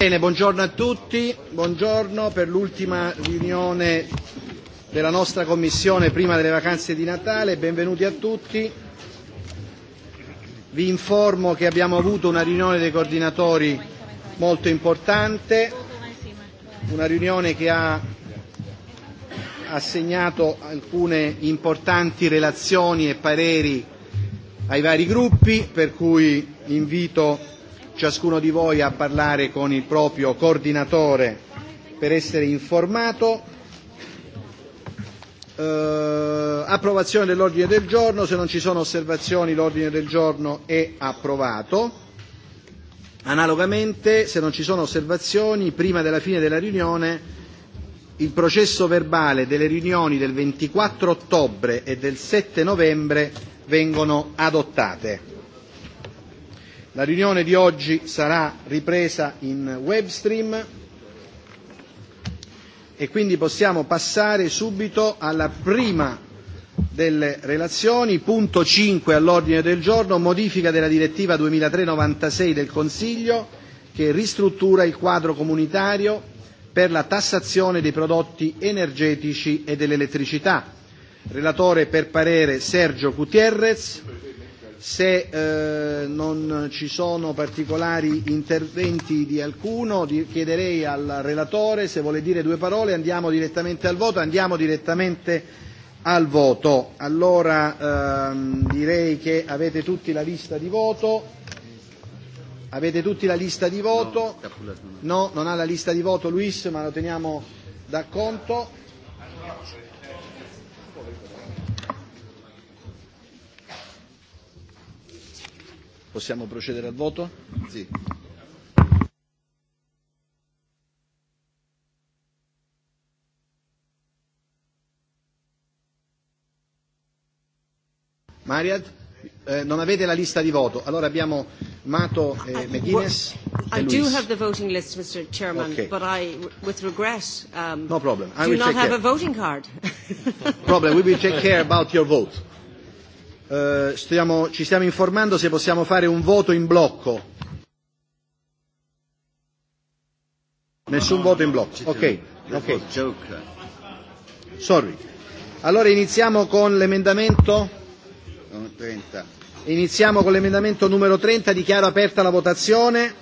Bene, buongiorno a tutti, buongiorno per l'ultima riunione della nostra commissione prima delle vacanze di Natale, benvenuti a tutti. Vi informo che abbiamo avuto una riunione dei coordinatori molto importante, una riunione che ha assegnato alcune importanti relazioni e pareri ai vari gruppi, per cui invito ciascuno di voi a parlare con il proprio coordinatore per essere informato. Eh, approvazione dell'ordine del giorno, se non ci sono osservazioni l'ordine del giorno è approvato. Analogamente, se non ci sono osservazioni, prima della fine della riunione il processo verbale delle riunioni del 24 ottobre e del 7 novembre vengono adottate. La riunione di oggi sarà ripresa in web stream e quindi possiamo passare subito alla prima delle relazioni, punto 5 all'ordine del giorno, modifica della direttiva 2003-96 del Consiglio che ristruttura il quadro comunitario per la tassazione dei prodotti energetici e dell'elettricità. Relatore per parere Sergio Gutierrez Se eh, non ci sono particolari interventi di alcuno, di, chiederei al relatore se vuole dire due parole, andiamo direttamente al voto, andiamo direttamente al voto. Allora ehm, direi che avete tutti la lista di voto. Avete tutti la lista di voto? No, non ha la lista di voto Luis, ma lo teniamo da conto. Possiamo procedere al voto? Sì. Mariad, eh, non avete la lista di voto. Allora abbiamo Mato e eh, McGuinness e I do have the voting list, Mr. Chairman, okay. but I, with regret, um, no problem. I do will not have care. a voting card. problem. We will take care about your vote eh, stiamo, ci stiamo informando se possiamo fare un voto in blocco. Nessun no, voto in blocco. Ok, ok. Sorry. Allora iniziamo con l'emendamento 30. Iniziamo con l'emendamento numero 30, dichiaro aperta la votazione.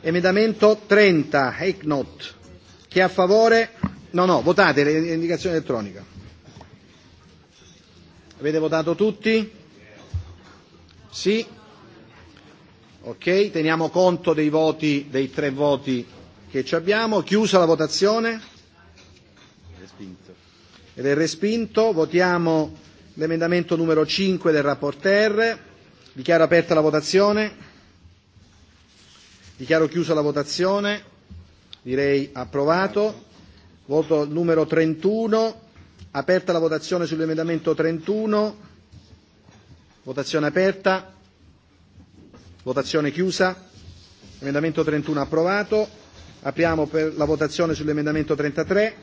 Emendamento 30, not. Chi è a favore? No, no, votate l'indicazione elettronica. Avete votato tutti? Sì? Ok, teniamo conto dei voti, dei tre voti che ci abbiamo. Chiusa la votazione? Ed è respinto. Votiamo l'emendamento numero 5 del rapporter. Dichiaro aperta la votazione. Dichiaro chiusa la votazione. Direi approvato. Voto numero 31. Aperta la votazione sull'emendamento 31. Votazione aperta. Votazione chiusa. Emendamento 31 approvato. Apriamo per la votazione sull'emendamento 33.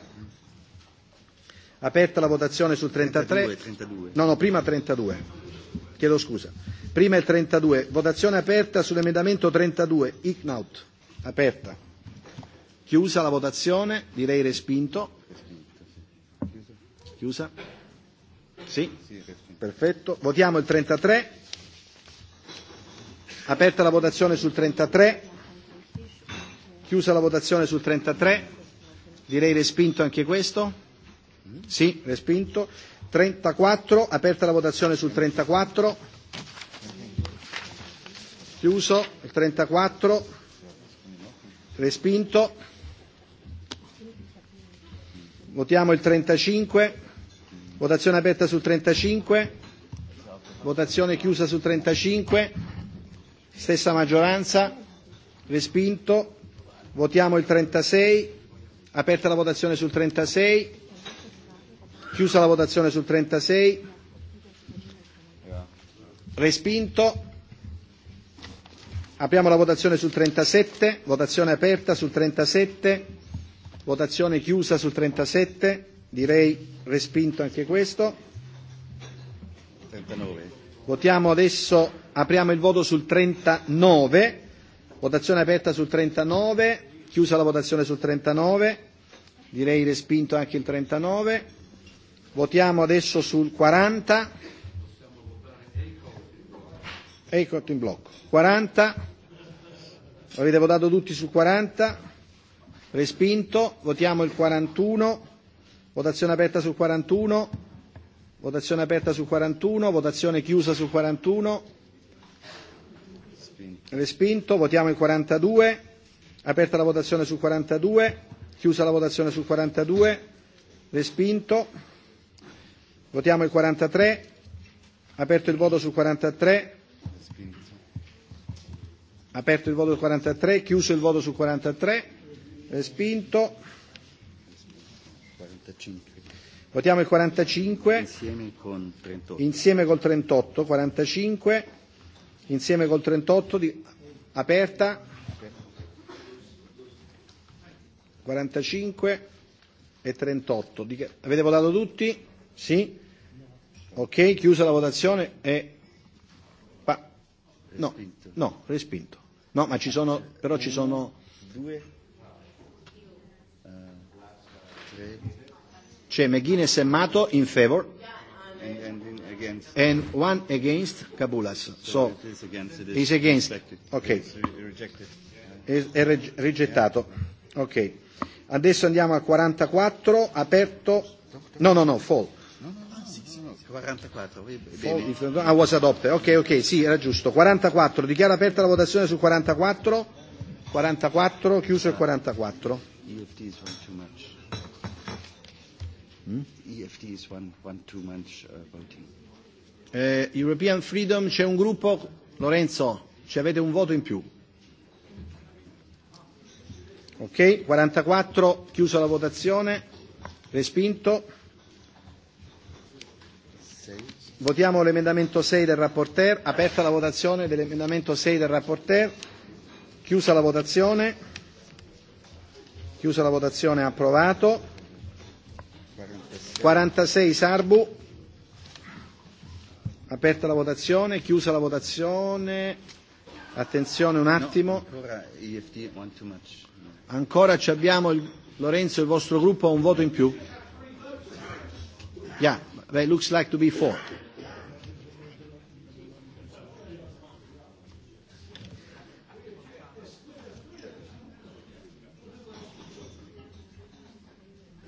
Aperta la votazione sul 33. 32, 32. No, no, prima 32. Chiedo scusa. Prima il 32. Votazione aperta sull'emendamento 32. Ignaut. Aperta. Chiusa la votazione. Direi respinto. Chiusa. Sì? Perfetto. Votiamo il 33. Aperta la votazione sul 33. Chiusa la votazione sul 33. Direi respinto anche questo. Sì, respinto. 34, aperta la votazione sul 34. Chiuso il 34. Respinto. Votiamo il 35. Votazione aperta sul 35. Votazione chiusa sul 35. Stessa maggioranza. Respinto. Votiamo il 36. Aperta la votazione sul 36. Chiusa la votazione sul 36. Respinto. Apriamo la votazione sul 37. Votazione aperta sul 37. Votazione chiusa sul 37. Direi respinto anche questo. 39. Votiamo adesso, apriamo il voto sul 39. Votazione aperta sul 39, chiusa la votazione sul 39. Direi respinto anche il 39. Votiamo adesso sul 40. Ecco in blocco. 40. Avete votato tutti sul 40. Respinto. Votiamo il 41. Votazione aperta su 41. Votazione aperta su 41. Votazione chiusa su 41. Respinto. Votiamo il 42. Aperta la votazione su 42. Chiusa la votazione su 42. Respinto. Votiamo il 43. Aperto il voto su 43. Aperto il voto su 43. Chiuso il voto su 43. Respinto. 45. Votiamo il 45 insieme con 38. Insieme col 38, 45 insieme col 38 di aperta 45 e 38. Di, avete votato tutti? Sì? Ok, chiusa la votazione e pa, no, no, respinto. No, ma ci sono però ci sono due uh, Chair McGuinness and Mato in favor. And, and, and, against. and one against Kabulas. So, so it is against. It is is against. Rejected. Okay. Rejected. È, è reg- rigettato. Ok. Adesso andiamo al 44, aperto. No, no, no, fall. No, 44, ah, was adopted. Ok, ok, sì, era giusto. 44, dichiaro aperta la votazione sul 44. 44, chiuso il 44. Hmm? E uh, eh, European Freedom c'è un gruppo, Lorenzo, ci avete un voto in più. Ok, 44, chiuso la votazione, respinto. Votiamo l'emendamento 6 del rapporteur, aperta la votazione dell'emendamento 6 del rapporteur, chiusa la votazione, chiusa la votazione approvato. 46 Sarbu. Aperta la votazione, chiusa la votazione. Attenzione un attimo. E ancora ci abbiamo il, Lorenzo, il vostro gruppo ha un voto in più. Yeah, that looks like to be four.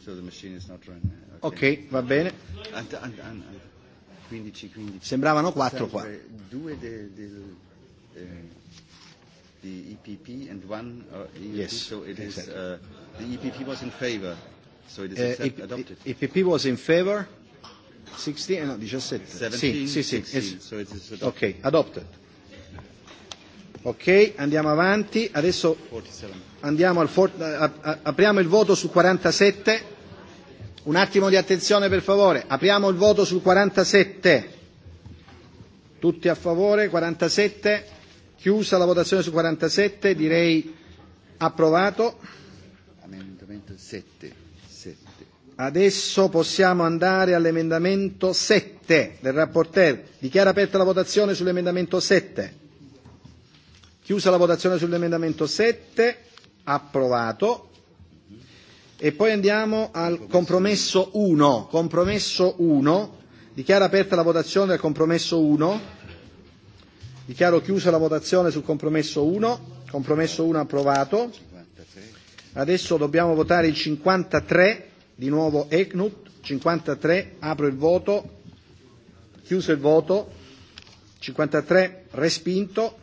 So the machine is not running. Ok, va bene. And, and, and, 15, 15. Sembravano 4 qua. Due de, del, the eh, EPP and one uh, EPP, yes, so it exactly. is uh, the EPP was in favor, so it is uh, accept, e adopted. EPP was in favor, 16, eh, no, 17. 17, sì, sì, sì, 16, sì. so it is adopted. Ok, adopted. Ok, andiamo avanti, adesso andiamo al, for, a, a, apriamo il voto su 47. Un attimo di attenzione per favore. Apriamo il voto sul 47. Tutti a favore? 47. Chiusa la votazione sul 47, direi approvato. Amendamento 7. 7. Adesso possiamo andare all'emendamento 7 del rapporteur. Dichiara aperta la votazione sull'emendamento 7. Chiusa la votazione sull'emendamento 7. Approvato. E poi andiamo al compromesso 1. Compromesso 1. Dichiara aperta la votazione del compromesso 1. Dichiaro chiusa la votazione sul compromesso 1. Compromesso 1 approvato. Adesso dobbiamo votare il 53, di nuovo Eknut. 53, apro il voto. Chiuso il voto. 53, respinto.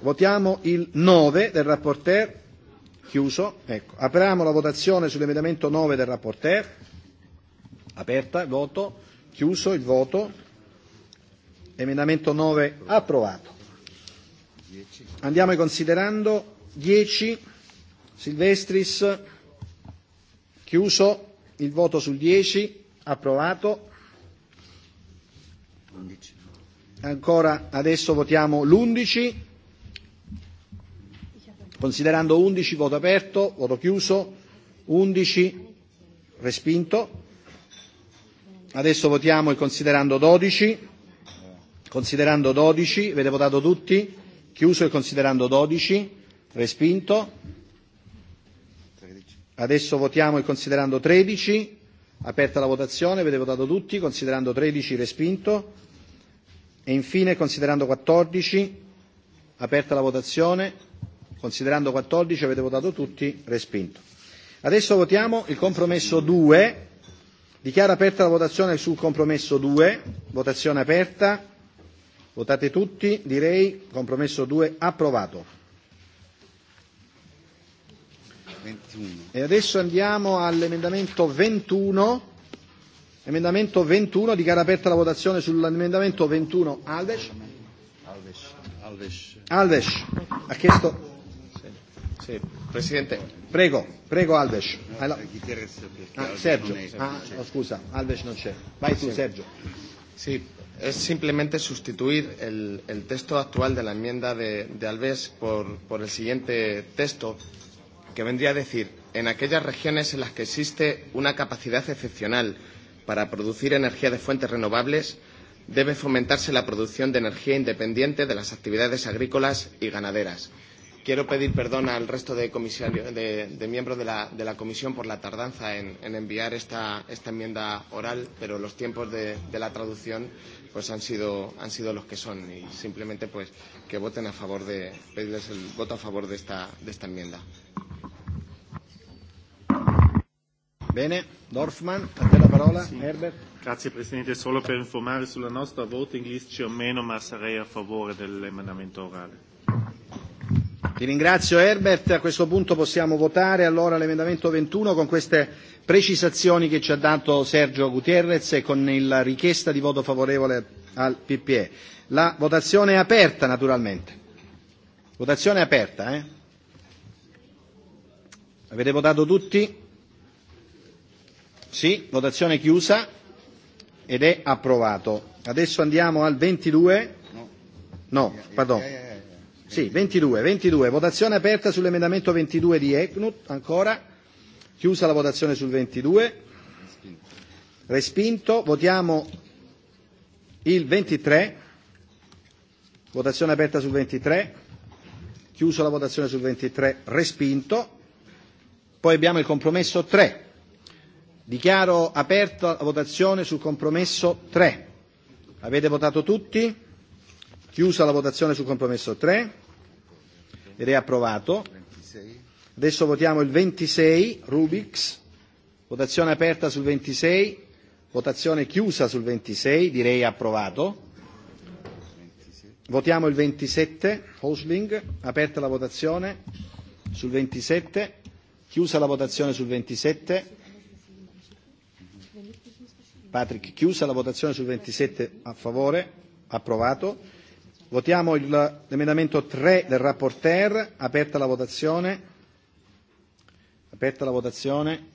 Votiamo il 9 del rapporteur. Chiuso. Ecco. Apriamo la votazione sull'emendamento 9 del rapporteur. Aperta, voto. Chiuso il voto. Emendamento 9 approvato. Andiamo considerando 10. Silvestris. Chiuso il voto sul 10. Approvato. Ancora adesso votiamo l'11 Considerando 11 voto aperto, voto chiuso, 11 respinto. Adesso votiamo il considerando 12. Considerando 12, avete votato tutti? Chiuso il considerando 12, respinto. Adesso votiamo il considerando 13, aperta la votazione, avete votato tutti, considerando 13, respinto. E infine considerando 14, aperta la votazione, Considerando 14 avete votato tutti, respinto. Adesso votiamo il compromesso 2. Dichiaro aperta la votazione sul compromesso 2. Votazione aperta. Votate tutti, direi compromesso 2 approvato. 21. E adesso andiamo all'emendamento 21. Emendamento 21, dichiara aperta la votazione sull'emendamento 21 Alves. Alves. Alves. Alves. Ha chiesto presidente. Prego, prego Alves. Alla... Ah, Sergio, ah, oh, Alves non c'è. Vai tu Sergio. Sí, es simplemente sustituir el, el texto actual de la enmienda de, de Alves por, por el siguiente texto que vendría a decir, en aquellas regiones en las que existe una capacidad excepcional para producir energía de fuentes renovables, debe fomentarse la producción de energía independiente de las actividades agrícolas y ganaderas. Quiero pedir perdón al resto de, de, de miembros de la, de la comisión por la tardanza en, en enviar esta, esta enmienda oral, pero los tiempos de, de la traducción pues han sido, han sido los que son y simplemente pues que voten a favor de pedirles el voto a favor de esta, de esta enmienda. Bene, Dorfman, a te la parola, sì. Herbert. Grazie Presidente, solo per informare sulla nostra voting list c'è o meno, ma sarei a favore dell'emendamento orale. Vi ringrazio Herbert, a questo punto possiamo votare allora l'emendamento 21 con queste precisazioni che ci ha dato Sergio Gutierrez e con la richiesta di voto favorevole al PPE. La votazione è aperta naturalmente. Votazione aperta, eh? Avete votato tutti? Sì, votazione chiusa ed è approvato. Adesso andiamo al 22. No, pardon. Sì, 22, 22. Votazione aperta sull'emendamento 22 di Ecnut, ancora. Chiusa la votazione sul 22. Respinto. Votiamo il 23. Votazione aperta sul 23. Chiusa la votazione sul 23. Respinto. Poi abbiamo il compromesso 3. Dichiaro aperta la votazione sul compromesso 3. Avete votato tutti? Chiusa la votazione sul compromesso 3 ed è approvato. Adesso votiamo il 26, Rubix. Votazione aperta sul 26, votazione chiusa sul 26, direi approvato. Votiamo il 27, Hosling. Aperta la votazione sul 27, chiusa la votazione sul 27. Patrick, chiusa la votazione sul 27 a favore, approvato. Votiamo l'emendamento 3 del rapporteur. Aperta la votazione. Aperta la votazione.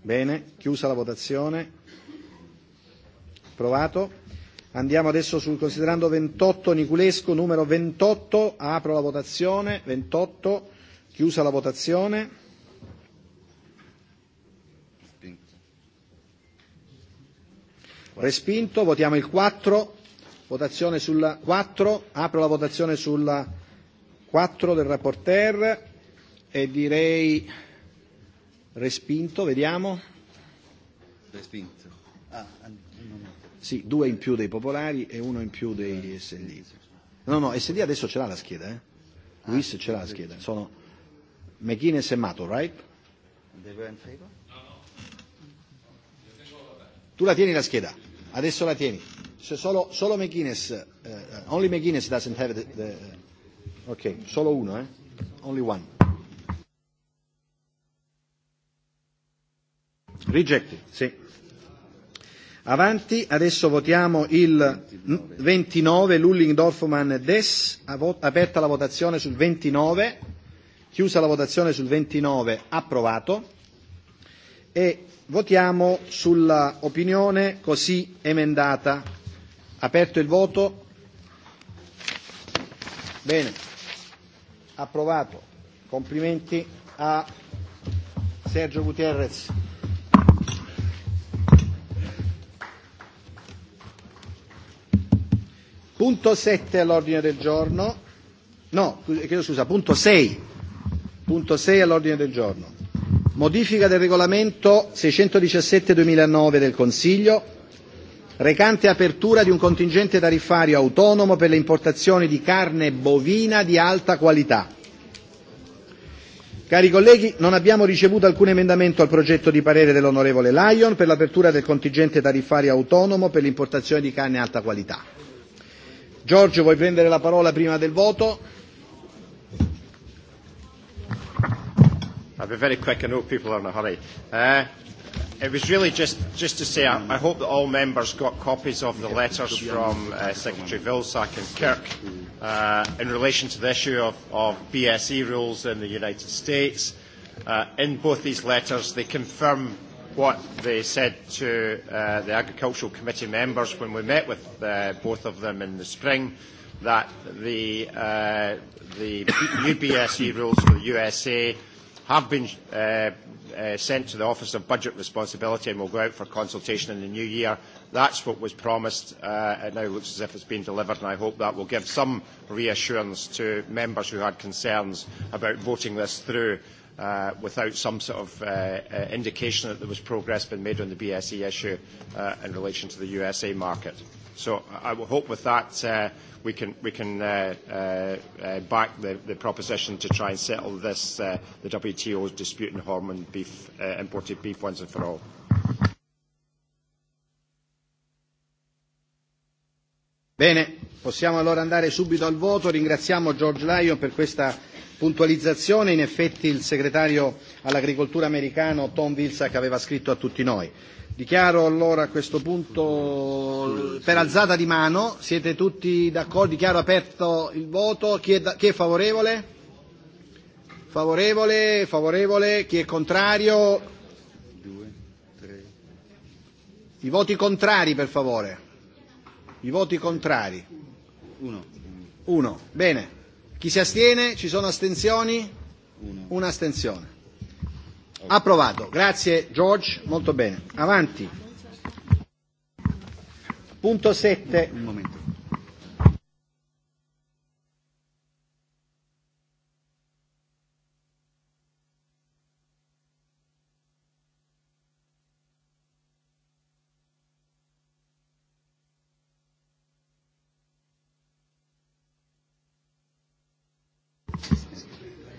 Bene, chiusa la votazione. Approvato. Andiamo adesso sul considerando 28 Niculesco, numero 28. Apro la votazione. 28. Chiusa la votazione. Respinto. Votiamo il 4. Votazione sulla 4. Apro la votazione sulla 4 del rapporteur e direi respinto. Vediamo. Respinto. Ah, sì, due in più dei popolari e uno in più degli SD. No, no, SD adesso ce l'ha la scheda, eh? Luis ah, ce l'ha la scheda. Sono McGuinness e Mato, right? Tu la tieni la scheda, adesso la tieni. So solo, solo McGuinness, uh, uh, only McGuinness doesn't have the, the uh, ok, solo uno, eh? Only one. Rejected, sì. Avanti, adesso votiamo il 29, Lulling, Dorfman, Des, aperta la votazione sul 29, chiusa la votazione sul 29, approvato. E votiamo sulla opinione così emendata. Aperto il voto. Bene. Approvato. Complimenti a Sergio Gutierrez. Punto 7 all'ordine del giorno. No, chiedo scusa, punto 6. Punto 6 all'ordine del giorno. Modifica del regolamento 617-2009 del Consiglio recante apertura di un contingente tariffario autonomo per le importazioni di carne bovina di alta qualità. Cari colleghi, non abbiamo ricevuto alcun emendamento al progetto di parere dell'onorevole Lyon per l'apertura del contingente tariffario autonomo per l'importazione di carne alta qualità. Giorgio, vuoi prendere la parola prima del voto? I'll be very quick, I know people are in a hurry. Uh, It was really just, just to say, I, I hope that all members got copies of the letters from uh, Secretary Vilsack and Kirk uh, in relation to the issue of, of BSE rules in the United States. Uh, in both these letters, they confirm what they said to uh, the Agricultural Committee members when we met with uh, both of them in the spring, that the, uh, the new BSE rules for the USA have been uh, uh, sent to the Office of Budget Responsibility and will go out for consultation in the new year. That's what was promised. Uh, it now looks as if it's been delivered, and I hope that will give some reassurance to members who had concerns about voting this through uh, without some sort of uh, uh, indication that there was progress being made on the BSE issue uh, in relation to the USA market. So I will hope with that uh, we can, uh, uh, back the, proposition to try and settle this, the WTO's dispute in hormone beef, imported beef once and for all. Bene, possiamo allora andare subito al voto. Ringraziamo George Lyon per questa puntualizzazione. In effetti il segretario all'agricoltura americano Tom Vilsack aveva scritto a tutti noi. Dichiaro allora a questo punto per alzata di mano, siete tutti d'accordo? Dichiaro aperto il voto, chi è, da, chi è favorevole? Favorevole, favorevole, chi è contrario? I voti contrari per favore. I voti contrari. Uno. Uno. Bene. Chi si astiene? Ci sono astensioni? Uno. Una astensione. Approvato. Grazie George, molto bene. Avanti. Punto 7. Un momento.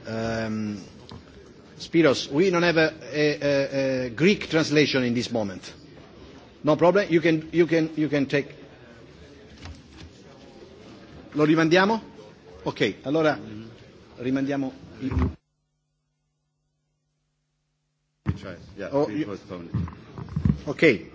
Um, Spiros, we don't have a, a, a Greek translation in this moment. No problem, you can, you can, you can take. Lo rimandiamo? Ok, allora rimandiamo. Oh, okay.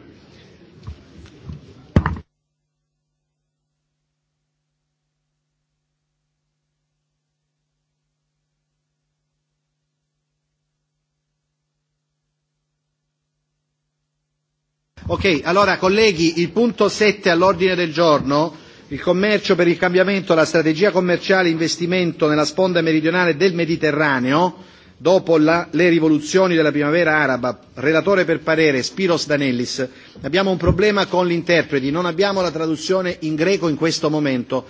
Ok, allora colleghi, il punto 7 all'ordine del giorno, il commercio per il cambiamento, la strategia commerciale e investimento nella sponda meridionale del Mediterraneo, dopo la, le rivoluzioni della primavera araba, relatore per parere Spiros Danellis. Abbiamo un problema con l'interprete. non abbiamo la traduzione in greco in questo momento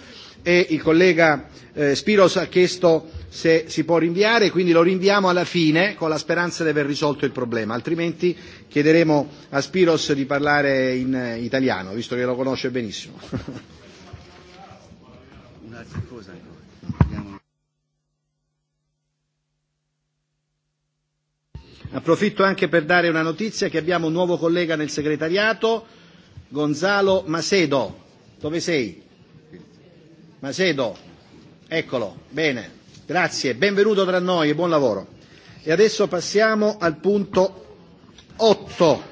e il collega eh, Spiros ha chiesto se si può rinviare, quindi lo rinviamo alla fine con la speranza di aver risolto il problema, altrimenti chiederemo a Spiros di parlare in eh, italiano, visto che lo conosce benissimo. Approfitto anche per dare una notizia che abbiamo un nuovo collega nel segretariato, Gonzalo Macedo. Dove sei? Macedo, eccolo, bene, grazie, benvenuto tra noi, buon lavoro. E adesso passiamo al punto 8.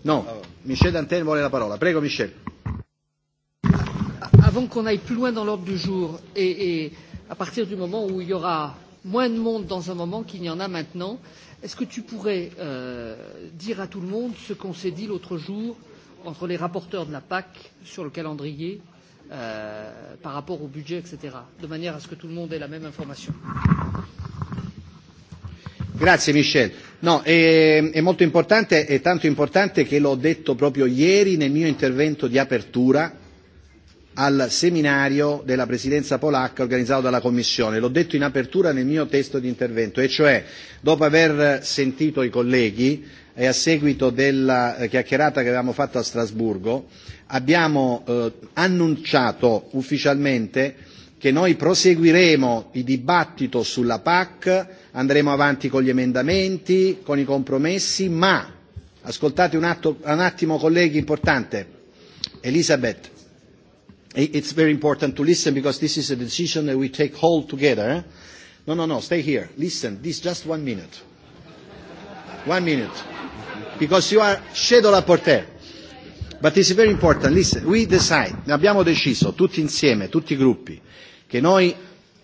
No, Michel Dantin vuole la parola, prego Michel. Avant qu'on aille plus loin dans l'ordre du jour et, et à partir du moment où il y aura moins de monde dans un moment qu'il n'y en a maintenant, est-ce que tu pourrais euh, dire à tout le monde ce qu'on s'est dit l'autre jour entre les rapporteurs de la PAC sur le calendrier Euh, par rapport au budget, etc., de manière à ce que tout le monde ait la même information. Grazie Michel. No, è, è molto importante, è tanto importante che l'ho detto proprio ieri nel mio intervento di apertura al seminario della presidenza polacca organizzato dalla Commissione. L'ho detto in apertura nel mio testo di intervento, e cioè dopo aver sentito i colleghi e a seguito della eh, chiacchierata che avevamo fatto a Strasburgo, abbiamo eh, annunciato ufficialmente che noi proseguiremo il dibattito sulla PAC, andremo avanti con gli emendamenti, con i compromessi, ma ascoltate un, atto, un attimo colleghi importante, Elisabeth, it's very important to listen because this is a decision that we take all together. Eh? No, no, no, stay here, listen, this is just one minute One minute. Because you are shadow rapporteur. But it's very important. Listen, we decide, abbiamo deciso tutti insieme, tutti i gruppi, che noi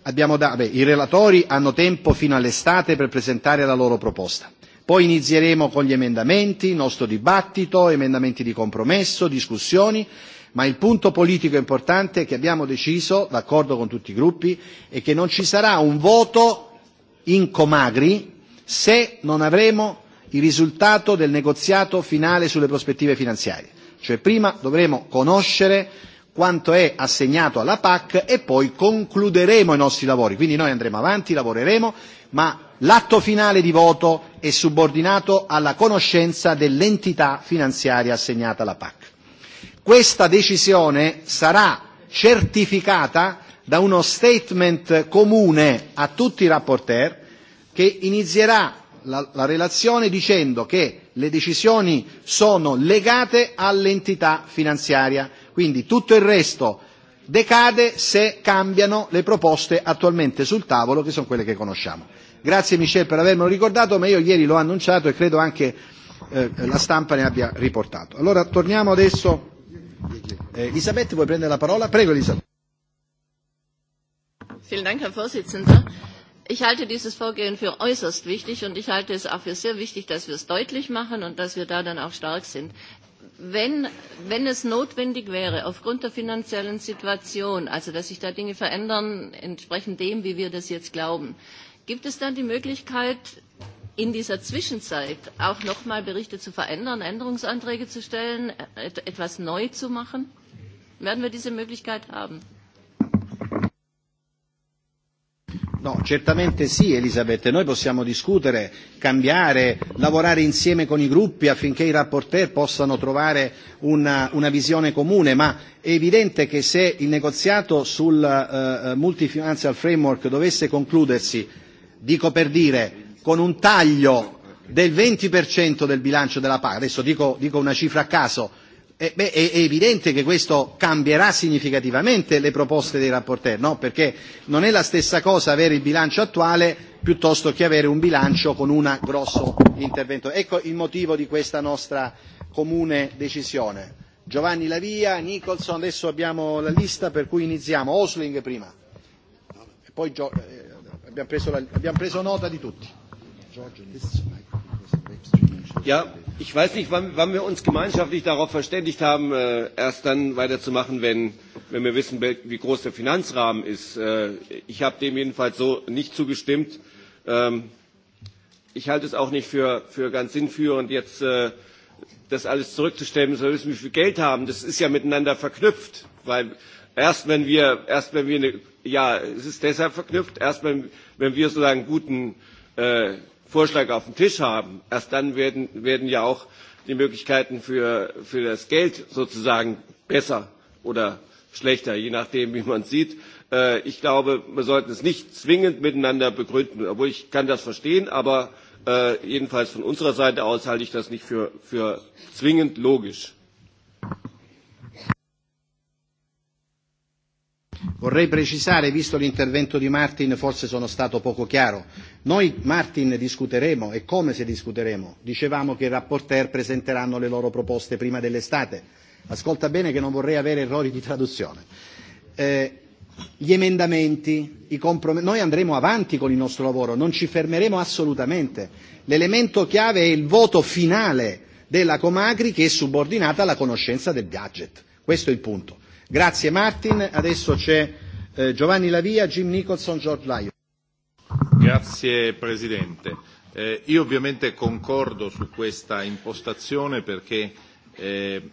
abbiamo da, beh, i relatori hanno tempo fino all'estate per presentare la loro proposta. Poi inizieremo con gli emendamenti, il nostro dibattito, emendamenti di compromesso, discussioni, ma il punto politico importante che abbiamo deciso, d'accordo con tutti i gruppi, è che non ci sarà un voto in Comagri se non avremo il risultato del negoziato finale sulle prospettive finanziarie, cioè prima dovremo conoscere quanto è assegnato alla PAC e poi concluderemo i nostri lavori. Quindi noi andremo avanti, lavoreremo, ma l'atto finale di voto è subordinato alla conoscenza dell'entità finanziaria assegnata alla PAC. Questa decisione sarà certificata da uno statement comune a tutti i rapporteur che inizierà la, la relazione dicendo che le decisioni sono legate all'entità finanziaria, quindi tutto il resto decade se cambiano le proposte attualmente sul tavolo, che sono quelle che conosciamo. Grazie Michel per avermelo ricordato, ma io ieri l'ho annunciato e credo anche eh, la stampa ne abbia riportato. Allora torniamo adesso. Eh, Elisabetta, vuoi prendere la parola? Prego Elisabetta. Vielen Dank, Herr Vorsitzender. Ich halte dieses Vorgehen für äußerst wichtig und ich halte es auch für sehr wichtig, dass wir es deutlich machen und dass wir da dann auch stark sind. Wenn, wenn es notwendig wäre, aufgrund der finanziellen Situation, also dass sich da Dinge verändern, entsprechend dem, wie wir das jetzt glauben, gibt es dann die Möglichkeit, in dieser Zwischenzeit auch nochmal Berichte zu verändern, Änderungsanträge zu stellen, etwas neu zu machen? Werden wir diese Möglichkeit haben? No, certamente sì Elisabeth, noi possiamo discutere, cambiare, lavorare insieme con i gruppi affinché i rapporteur possano trovare una, una visione comune, ma è evidente che se il negoziato sul uh, multifinancial framework dovesse concludersi, dico per dire, con un taglio del 20% del bilancio della PAC, adesso dico, dico una cifra a caso, Eh, beh, è, è evidente che questo cambierà significativamente le proposte dei rapporteur, no? perché non è la stessa cosa avere il bilancio attuale piuttosto che avere un bilancio con un grosso intervento. Ecco il motivo di questa nostra comune decisione. Giovanni Lavia, Nicholson, adesso abbiamo la lista per cui iniziamo. Osling prima, e poi Gio- eh, abbiamo, preso la- abbiamo preso nota di tutti. Ja, Ich weiß nicht, wann, wann wir uns gemeinschaftlich darauf verständigt haben, äh, erst dann weiterzumachen, wenn, wenn wir wissen, wie groß der Finanzrahmen ist. Äh, ich habe dem jedenfalls so nicht zugestimmt. Ähm, ich halte es auch nicht für, für ganz sinnführend, jetzt äh, das alles zurückzustellen, müssen wir wissen, wie viel Geld haben. Das ist ja miteinander verknüpft, weil erst wenn wir, erst wenn wir eine, ja, es ist deshalb verknüpft, erst wenn, wenn wir sozusagen guten äh, Vorschlag auf dem Tisch haben, erst dann werden, werden ja auch die Möglichkeiten für, für das Geld sozusagen besser oder schlechter, je nachdem, wie man sieht. Äh, ich glaube, wir sollten es nicht zwingend miteinander begründen, obwohl ich kann das verstehen, aber äh, jedenfalls von unserer Seite aus halte ich das nicht für, für zwingend logisch. Vorrei precisare, visto l'intervento di Martin, forse sono stato poco chiaro. Noi, Martin, discuteremo e come se discuteremo. Dicevamo che i rapporteur presenteranno le loro proposte prima dell'estate. Ascolta bene che non vorrei avere errori di traduzione. Eh, gli emendamenti, i compromessi. Noi andremo avanti con il nostro lavoro, non ci fermeremo assolutamente. L'elemento chiave è il voto finale della Comagri che è subordinata alla conoscenza del gadget. Questo è il punto. Grazie Martin, adesso c'è eh, Giovanni Lavia, Jim Nicholson, George Lyon. Grazie Presidente. Eh, io ovviamente concordo su questa impostazione perché eh,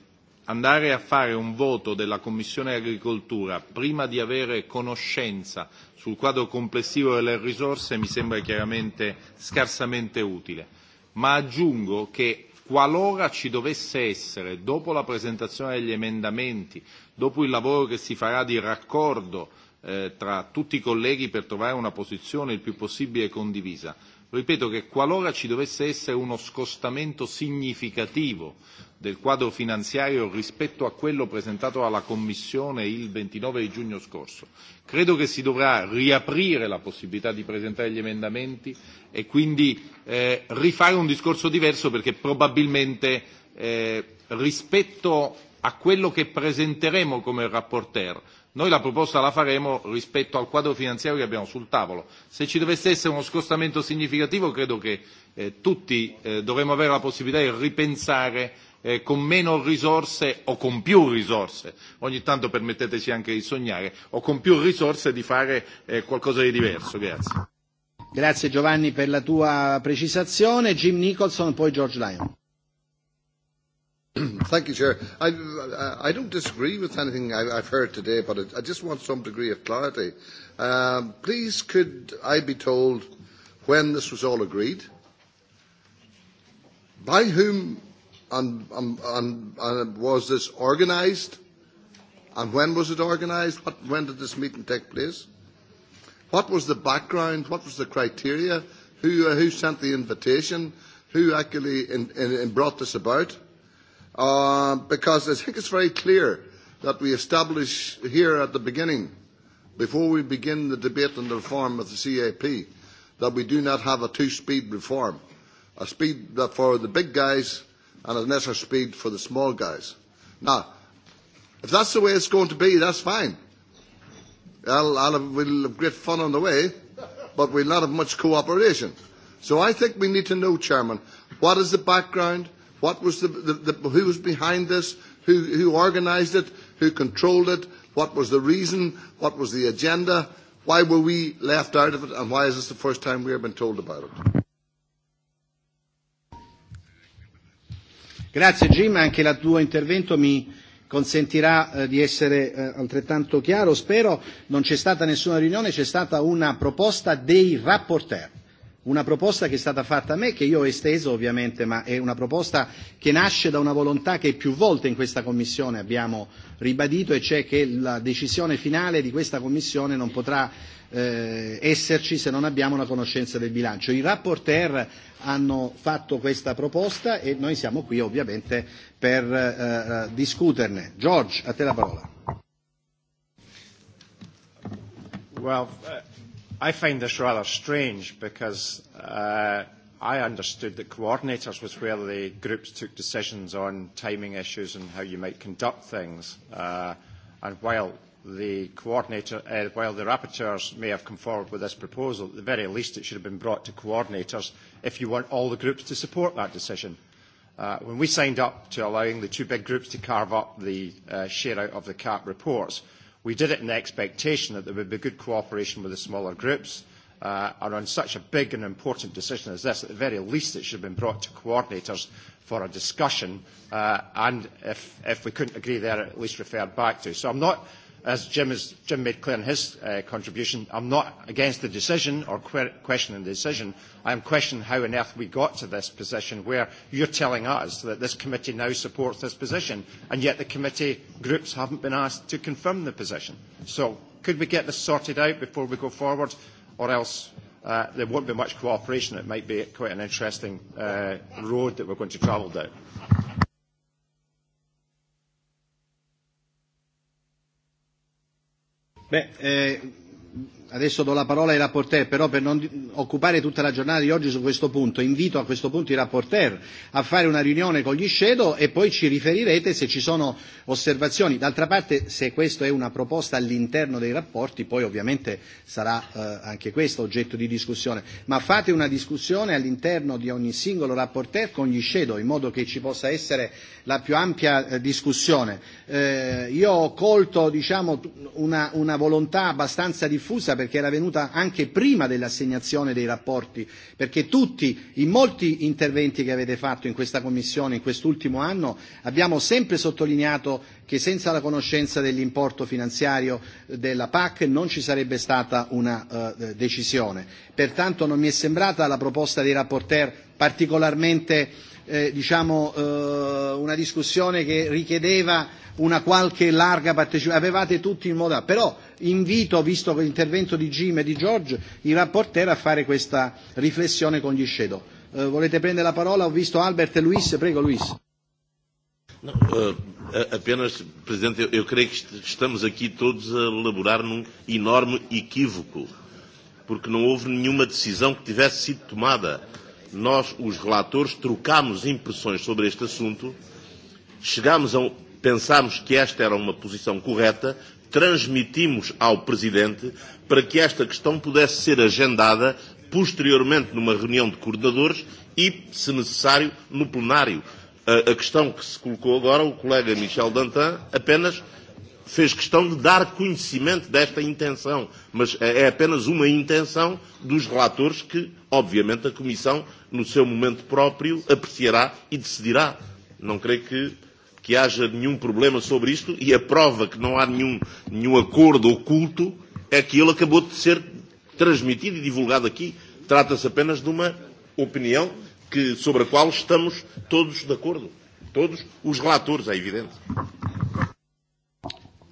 andare a fare un voto della Commissione Agricoltura prima di avere conoscenza sul quadro complessivo delle risorse mi sembra chiaramente scarsamente utile. Ma aggiungo che Qualora ci dovesse essere, dopo la presentazione degli emendamenti, dopo il lavoro che si farà di raccordo eh, tra tutti i colleghi per trovare una posizione il più possibile condivisa, Ripeto che qualora ci dovesse essere uno scostamento significativo del quadro finanziario rispetto a quello presentato alla Commissione il 29 di giugno scorso. Credo che si dovrà riaprire la possibilità di presentare gli emendamenti e quindi eh, rifare un discorso diverso perché probabilmente eh, rispetto a quello che presenteremo come rapporteur Noi la proposta la faremo rispetto al quadro finanziario che abbiamo sul tavolo. Se ci dovesse essere uno scostamento significativo credo che eh, tutti eh, dovremmo avere la possibilità di ripensare eh, con meno risorse o con più risorse, ogni tanto permetteteci anche di sognare, o con più risorse di fare eh, qualcosa di diverso. Grazie. Grazie Giovanni per la tua precisazione. Jim Nicholson, poi George Lyon. Thank you, Chair. I, I don't disagree with anything I, I've heard today, but I just want some degree of clarity. Um, please, could I be told when this was all agreed, by whom and, and, and, and was this organised, and when was it organised? when did this meeting take place? What was the background? What was the criteria? Who, uh, who sent the invitation? Who actually in, in, in brought this about? Uh, because I think it's very clear that we establish here at the beginning, before we begin the debate on the reform of the CAP, that we do not have a two-speed reform, a speed for the big guys and a lesser speed for the small guys. Now, if that's the way it's going to be, that's fine. I'll, I'll have, we'll have great fun on the way, but we'll not have much cooperation. So I think we need to know, Chairman, what is the background? What was the, the, the, who was behind this? Who, who organised it? Who controlled it? What was the reason? What was the agenda? Why were we left out of it? And why is this the first time we have been told about it? Grazie Jim, anche il tuo intervento mi consentirà eh, di essere eh, altrettanto chiaro. Spero non c'è stata nessuna riunione, c'è stata una proposta dei rapporteur una proposta che è stata fatta a me, che io ho esteso ovviamente, ma è una proposta che nasce da una volontà che più volte in questa Commissione abbiamo ribadito e cioè che la decisione finale di questa Commissione non potrà eh, esserci se non abbiamo una conoscenza del bilancio. I rapporteur hanno fatto questa proposta e noi siamo qui ovviamente per eh, eh discuterne. George, a te la parola. Well, uh... I find this rather strange because uh, I understood that coordinators was where the groups took decisions on timing issues and how you might conduct things. Uh, and while the coordinator, uh, while the rapporteurs may have come forward with this proposal, at the very least it should have been brought to coordinators if you want all the groups to support that decision. Uh, when we signed up to allowing the two big groups to carve up the uh, share out of the CAP reports, We did it in the expectation that there would be good cooperation with the smaller groups. Uh, and on such a big and important decision as this, at the very least it should have been brought to coordinators for a discussion, uh, and if, if we couldn't agree there, at least referred back to. So I'm not as Jim, has, Jim made clear in his uh, contribution, I'm not against the decision or que questioning the decision. I am questioning how on earth we got to this position where you're telling us that this committee now supports this position, and yet the committee groups haven't been asked to confirm the position. So could we get this sorted out before we go forward, or else uh, there won't be much cooperation. It might be quite an interesting uh, road that we're going to travel down. Beh, eh, adesso do la parola ai rapporteur, però per non occupare tutta la giornata di oggi su questo punto, invito a questo punto i rapporteur a fare una riunione con gli shadow e poi ci riferirete se ci sono osservazioni. D'altra parte, se questa è una proposta all'interno dei rapporti, poi ovviamente sarà eh, anche questo oggetto di discussione, ma fate una discussione all'interno di ogni singolo rapporteur con gli shadow, in modo che ci possa essere la più ampia eh, discussione. Eh, io ho colto diciamo, una, una volontà abbastanza diffusa perché era venuta anche prima dell'assegnazione dei rapporti, perché tutti, in molti interventi che avete fatto in questa Commissione in quest'ultimo anno, abbiamo sempre sottolineato che senza la conoscenza dell'importo finanziario della PAC non ci sarebbe stata una uh, decisione. Pertanto non mi è sembrata la proposta dei rapporteur particolarmente uh, eh, diciamo, eh, una discussione che richiedeva una qualche larga partecipazione, avevate tutti in moda, però invito, visto l'intervento di Jim e di George, i rapporteri a fare questa riflessione con gli shadow. Eh, volete prendere la parola? Ho visto Albert e Luis, prego Luis. No, uh, eh, apenas, Presidente, eu, eu creio que estamos aqui todos a elaborar num enorme equívoco, porque não houve nenhuma decisão que tivesse sido tomada nós, os relatores, trocámos impressões sobre este assunto, chegámos a, um, pensámos que esta era uma posição correta, transmitimos ao Presidente para que esta questão pudesse ser agendada posteriormente numa reunião de coordenadores e, se necessário, no plenário. A, a questão que se colocou agora, o colega Michel Dantin apenas fez questão de dar conhecimento desta intenção, mas é apenas uma intenção dos relatores que, obviamente, a Comissão no seu momento próprio, apreciará e decidirá. Não creio que, que haja nenhum problema sobre isto e a prova que não há nenhum, nenhum acordo oculto é que ele acabou de ser transmitido e divulgado aqui. Trata-se apenas de uma opinião que, sobre a qual estamos todos de acordo. Todos os relatores, é evidente.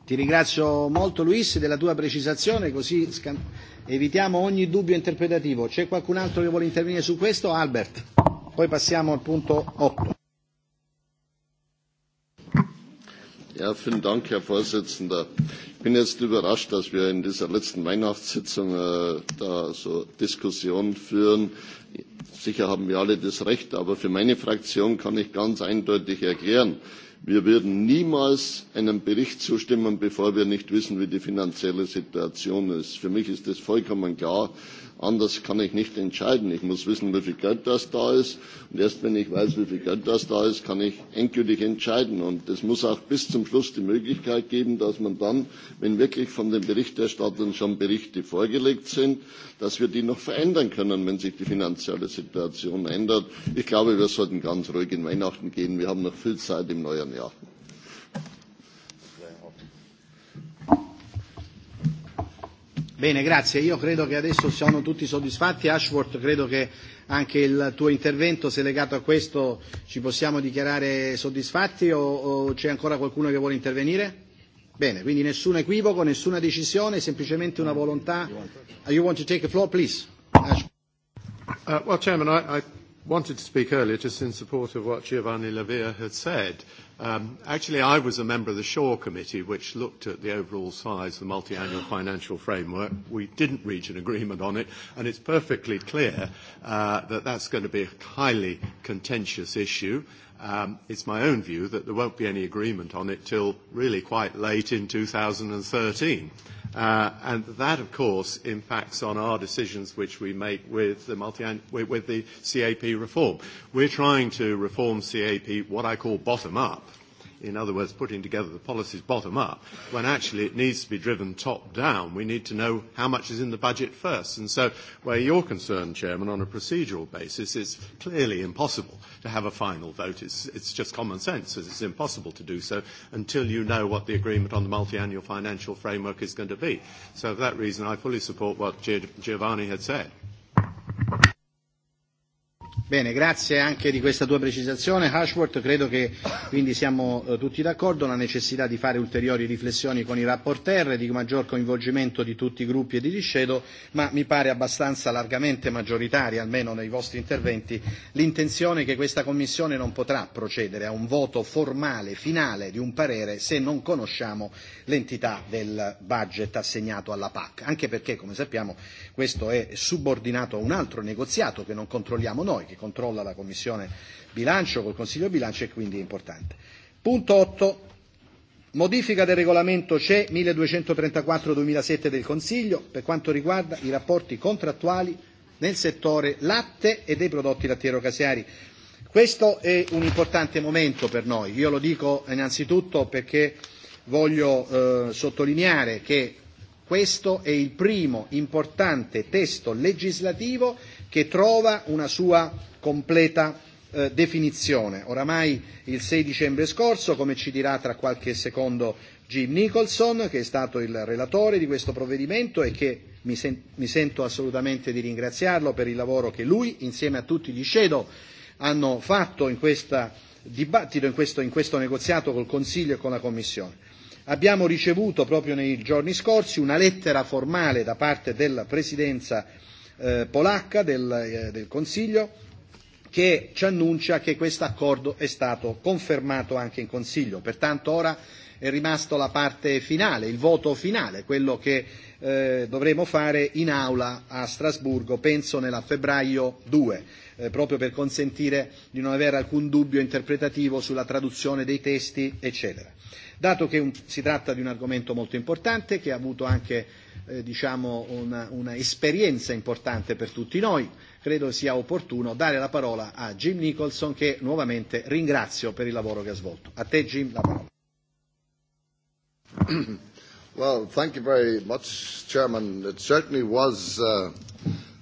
Ti ringrazio molto Luis della tua precisazione, così evitiamo ogni dubbio interpretativo. C'è qualcun altro che vuole intervenire su questo? Albert, poi passiamo al punto 8. Ja, vielen Dank, Herr Vorsitzender. Ich bin jetzt überrascht, dass wir in dieser letzten Weihnachtssitzung äh, da so Diskussionen führen. Sicher haben wir alle das Recht, aber für meine Fraktion kann ich ganz eindeutig erklären, Wir würden niemals einem Bericht zustimmen, bevor wir nicht wissen, wie die finanzielle Situation ist. Für mich ist das vollkommen klar. Anders kann ich nicht entscheiden. Ich muss wissen, wie viel Geld das da ist. Und erst wenn ich weiß, wie viel Geld das da ist, kann ich endgültig entscheiden. Und es muss auch bis zum Schluss die Möglichkeit geben, dass man dann, wenn wirklich von den Berichterstattern schon Berichte vorgelegt sind, dass wir die noch verändern können, wenn sich die finanzielle Situation ändert. Ich glaube, wir sollten ganz ruhig in Weihnachten gehen. Wir haben noch viel Zeit im neuen Jahr. Bene, grazie. Io credo che adesso siano tutti soddisfatti. Ashworth, credo che anche il tuo intervento, se legato a questo, ci possiamo dichiarare soddisfatti o, o c'è ancora qualcuno che vuole intervenire? Bene, quindi nessun equivoco, nessuna decisione, semplicemente una volontà. You want to take the floor, please? Uh, well, Chairman, I, I wanted to speak earlier just in support of what Giovanni Lavia had said. Um, actually, I was a member of the Shaw Committee, which looked at the overall size of the multi-annual financial framework. We didn't reach an agreement on it, and it's perfectly clear uh, that that's going to be a highly contentious issue. Um, it's my own view that there won't be any agreement on it till really quite late in 2013. Uh, and that, of course, impacts on our decisions which we make with the, multi- with the CAP reform. We're trying to reform CAP what I call bottom up in other words, putting together the policies bottom up, when actually it needs to be driven top down. We need to know how much is in the budget first. And so, where you're concerned, Chairman, on a procedural basis, it's clearly impossible to have a final vote. It's, it's just common sense that it's impossible to do so until you know what the agreement on the multi-annual financial framework is going to be. So, for that reason, I fully support what Giovanni had said. Bene, grazie anche di questa tua precisazione Ashworth, credo che quindi siamo eh, tutti d'accordo la necessità di fare ulteriori riflessioni con i rapporter, di maggior coinvolgimento di tutti i gruppi e di discedo, ma mi pare abbastanza largamente maggioritaria, almeno nei vostri interventi, l'intenzione che questa Commissione non potrà procedere a un voto formale, finale di un parere se non conosciamo l'entità del budget assegnato alla PAC, anche perché come sappiamo questo è subordinato a un altro negoziato che non controlliamo noi, che controlla la Commissione bilancio col Consiglio bilancio e quindi è importante. Punto 8. Modifica del regolamento CE 1234-2007 del Consiglio per quanto riguarda i rapporti contrattuali nel settore latte e dei prodotti lattiero-caseari. Questo è un importante momento per noi. Io lo dico innanzitutto perché voglio eh, sottolineare che questo è il primo importante testo legislativo che trova una sua completa eh, definizione. Oramai il 6 dicembre scorso, come ci dirà tra qualche secondo Jim Nicholson, che è stato il relatore di questo provvedimento e che mi, sen- mi sento assolutamente di ringraziarlo per il lavoro che lui, insieme a tutti gli Shadow, hanno fatto in questa dibattito in questo, in questo negoziato col Consiglio e con la Commissione. Abbiamo ricevuto proprio nei giorni scorsi una lettera formale da parte della Presidenza eh, eh, polacca del, eh, del Consiglio che ci annuncia che questo accordo è stato confermato anche in Consiglio. Pertanto ora è rimasto la parte finale, il voto finale, quello che eh, dovremo fare in aula a Strasburgo, penso nella febbraio 2, eh, proprio per consentire di non avere alcun dubbio interpretativo sulla traduzione dei testi, eccetera. Dato che un, si tratta di un argomento molto importante, che ha avuto anche eh, diciamo una, una esperienza importante per tutti noi, credo sia opportuno dare la parola a Jim Nicholson che nuovamente ringrazio per il lavoro che ha svolto. A te Jim la parola. well, thank you very much, Chairman. It certainly was uh, uh,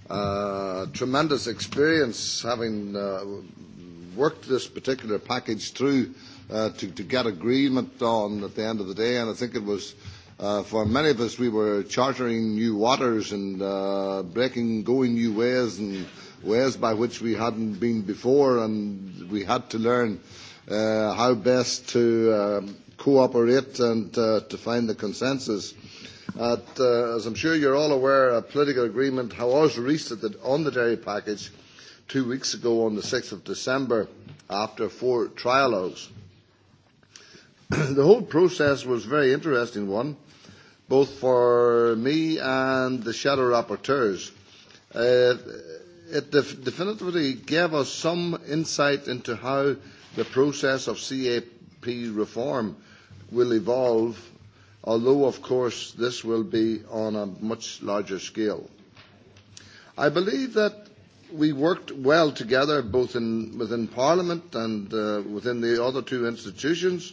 a uh, tremendous experience having uh, worked this particular package through uh, to, to, get agreement on at the end of the day, and I think it was for many of us we were chartering new waters and breaking, going new ways and ways by which we hadn't been before, and we had to learn how best to um, cooperate and uh, to find the consensus. At, uh, as I'm sure you're all aware, a political agreement was reached at the, on the dairy package two weeks ago on the 6th of December after four trialogues. the whole process was a very interesting one, both for me and the shadow rapporteurs. Uh, it def- definitively gave us some insight into how the process of CAP reform will evolve, although, of course, this will be on a much larger scale. I believe that we worked well together, both in, within Parliament and uh, within the other two institutions.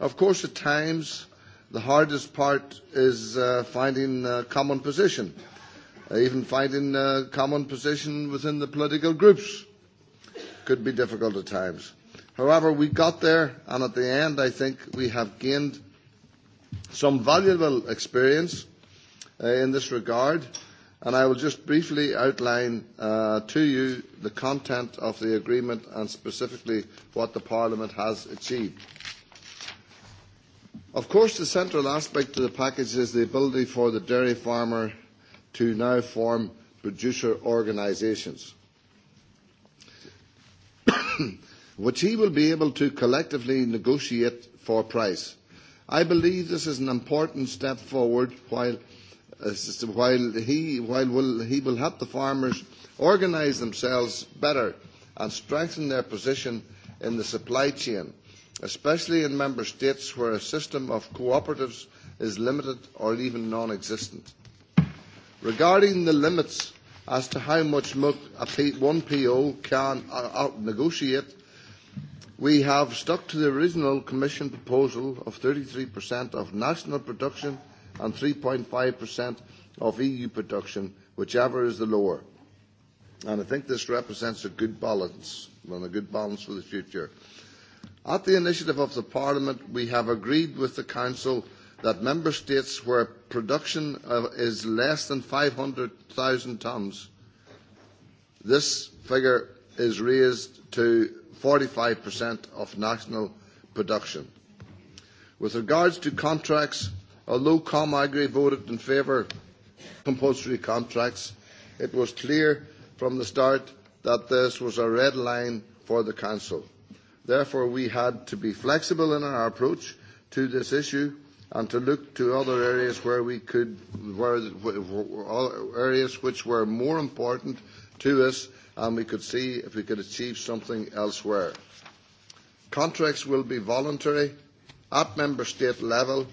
Of course, at times, the hardest part is uh, finding a common position, uh, even finding a common position within the political groups could be difficult at times. However, we got there, and at the end, I think we have gained some valuable experience uh, in this regard. And I will just briefly outline uh, to you the content of the agreement and specifically what the Parliament has achieved. Of course, the central aspect of the package is the ability for the dairy farmer to now form producer organisations which he will be able to collectively negotiate for price. I believe this is an important step forward while, uh, while, he, while will, he will help the farmers organise themselves better and strengthen their position in the supply chain, especially in member states where a system of cooperatives is limited or even non-existent. Regarding the limits as to how much milk one PO can uh, negotiate, we have stuck to the original Commission proposal of 33% of national production and 3.5% of EU production, whichever is the lower. And I think this represents a good balance and a good balance for the future. At the initiative of the Parliament, we have agreed with the Council that member states where production uh, is less than 500,000 tonnes, this figure is raised to 45% of national production. With regards to contracts, although ComAgri voted in favour of compulsory contracts, it was clear from the start that this was a red line for the Council. Therefore, we had to be flexible in our approach to this issue and to look to other areas where we could, areas which were more important to us, and we could see if we could achieve something elsewhere. Contracts will be voluntary at member state level.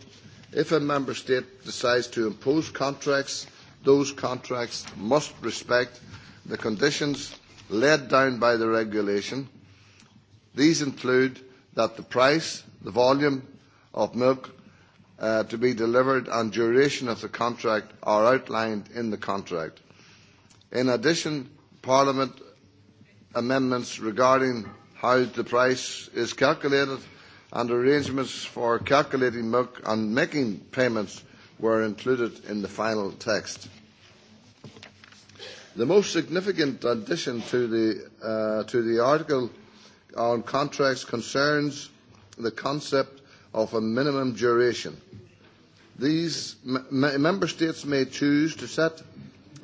If a member state decides to impose contracts, those contracts must respect the conditions laid down by the regulation. These include that the price, the volume of milk uh, to be delivered and duration of the contract are outlined in the contract. In addition, Parliament amendments regarding how the price is calculated and arrangements for calculating milk and making payments were included in the final text. The most significant addition to the, uh, to the article on contracts concerns the concept of a minimum duration. These member states may choose to set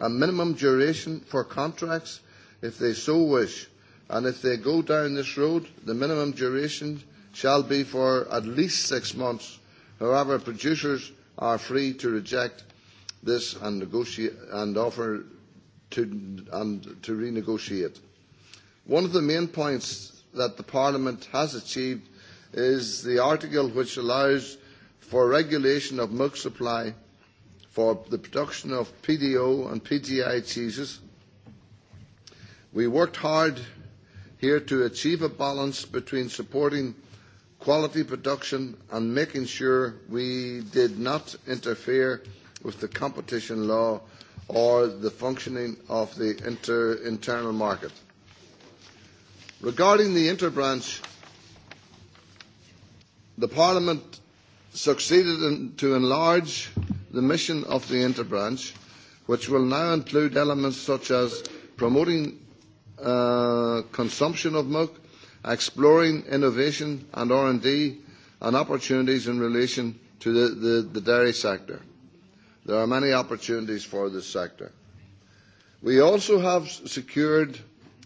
a minimum duration for contracts if they so wish. And if they go down this road, the minimum duration shall be for at least six months. However, producers are free to reject this and, negotiate, and offer to, and to renegotiate. One of the main points that the Parliament has achieved is the article which allows for regulation of milk supply for the production of PDO and PGI cheeses. We worked hard here to achieve a balance between supporting quality production and making sure we did not interfere with the competition law or the functioning of the inter internal market. Regarding the interbranch, the Parliament succeeded in, to enlarge the mission of the interbranch, which will now include elements such as promoting uh, consumption of milk, exploring innovation and R&D and opportunities in relation to the, the, the dairy sector. There are many opportunities for this sector. We also have secured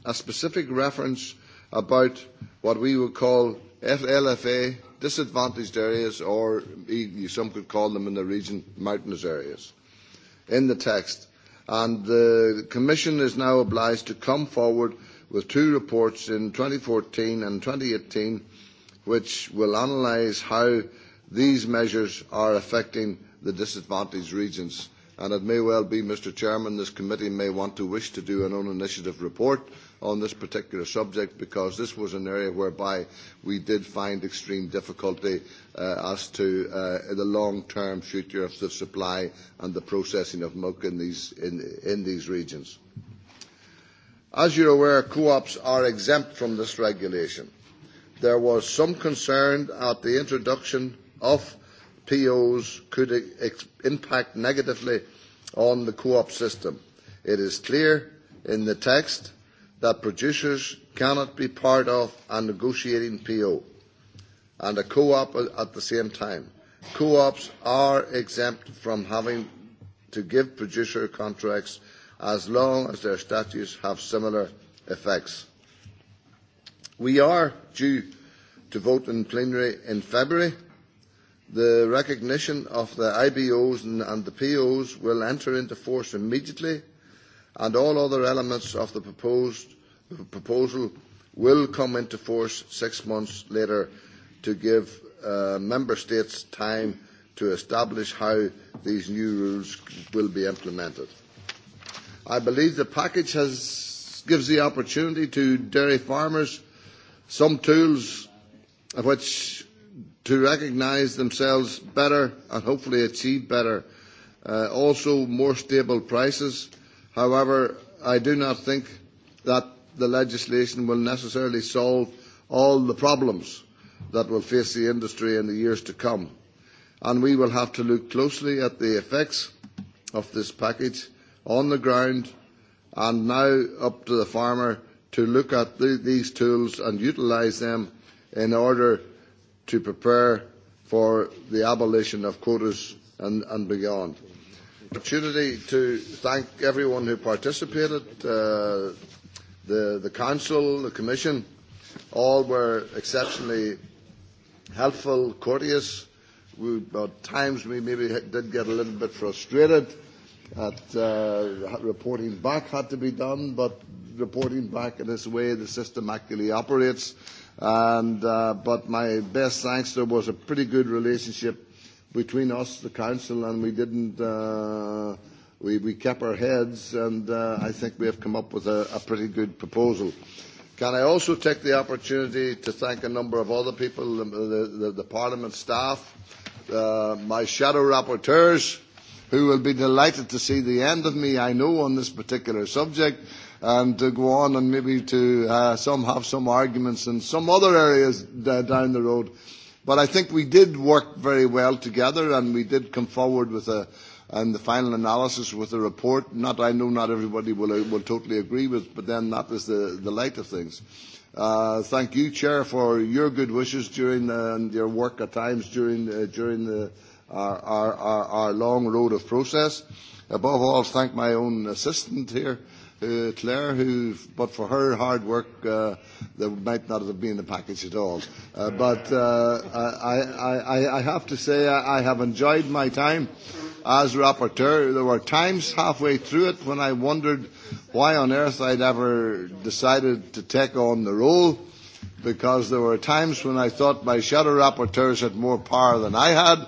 a specific reference about what we would call LFA disadvantaged areas, or e, some could call them in the region mountainous areas, in the text. And the Commission is now obliged to come forward with two reports in 2014 and 2018, which will analyse how these measures are affecting the disadvantaged regions. And it may well be, Mr Chairman, this committee may want to wish to do an own initiative report on this particular subject because this was an area whereby we did find extreme difficulty uh, as to uh, the long-term future of the supply and the processing of milk in these, in, in these regions. As you are aware, co-ops are exempt from this regulation. There was some concern at the introduction of POs could impact negatively on the co-op system. It is clear in the text that producers cannot be part of a negotiating PO and a co-op at the same time. Co-ops are exempt from having to give producer contracts as long as their statutes have similar effects. We are due to vote in plenary in February. The recognition of the IBOs and the POs will enter into force immediately and all other elements of the proposed The proposal will come into force six months later to give uh, Member States time to establish how these new rules will be implemented. I believe the package has, gives the opportunity to dairy farmers some tools of which to recognise themselves better and hopefully achieve better. Uh, also, more stable prices. However, I do not think that the legislation will necessarily solve all the problems that will face the industry in the years to come. And we will have to look closely at the effects of this package on the ground and now up to the farmer to look at the, these tools and utilise them in order to prepare for the abolition of quotas and, and beyond. Opportunity to thank everyone who participated. Uh, The, the Council, the Commission, all were exceptionally helpful, courteous. We, at times we maybe did get a little bit frustrated at uh, reporting back had to be done, but reporting back in this way the system actually operates. And, uh, but my best thanks, there was a pretty good relationship between us, the Council, and we didn't uh, we, we kept our heads, and uh, I think we have come up with a, a pretty good proposal. Can I also take the opportunity to thank a number of other people, the, the, the Parliament staff, uh, my shadow rapporteurs, who will be delighted to see the end of me, I know, on this particular subject, and to go on and maybe to uh, some have some arguments in some other areas d- uh, down the road. But I think we did work very well together, and we did come forward with a, and the final analysis with the report. Not, I know not everybody will, uh, will totally agree with, but then that is the, the light of things. Uh, thank you, Chair, for your good wishes during the, uh, and your work at times during, uh, during the, our, our, our, our long road of process. Above all, thank my own assistant here, uh, Claire, who, but for her hard work, uh, there might not have been the package at all. Uh, but uh, I, I, I have to say I, I have enjoyed my time. Uh, as rapporteur. There were times halfway through it when I wondered why on earth I'd ever decided to take on the role, because there were times when I thought my shadow rapporteurs had more power than I had.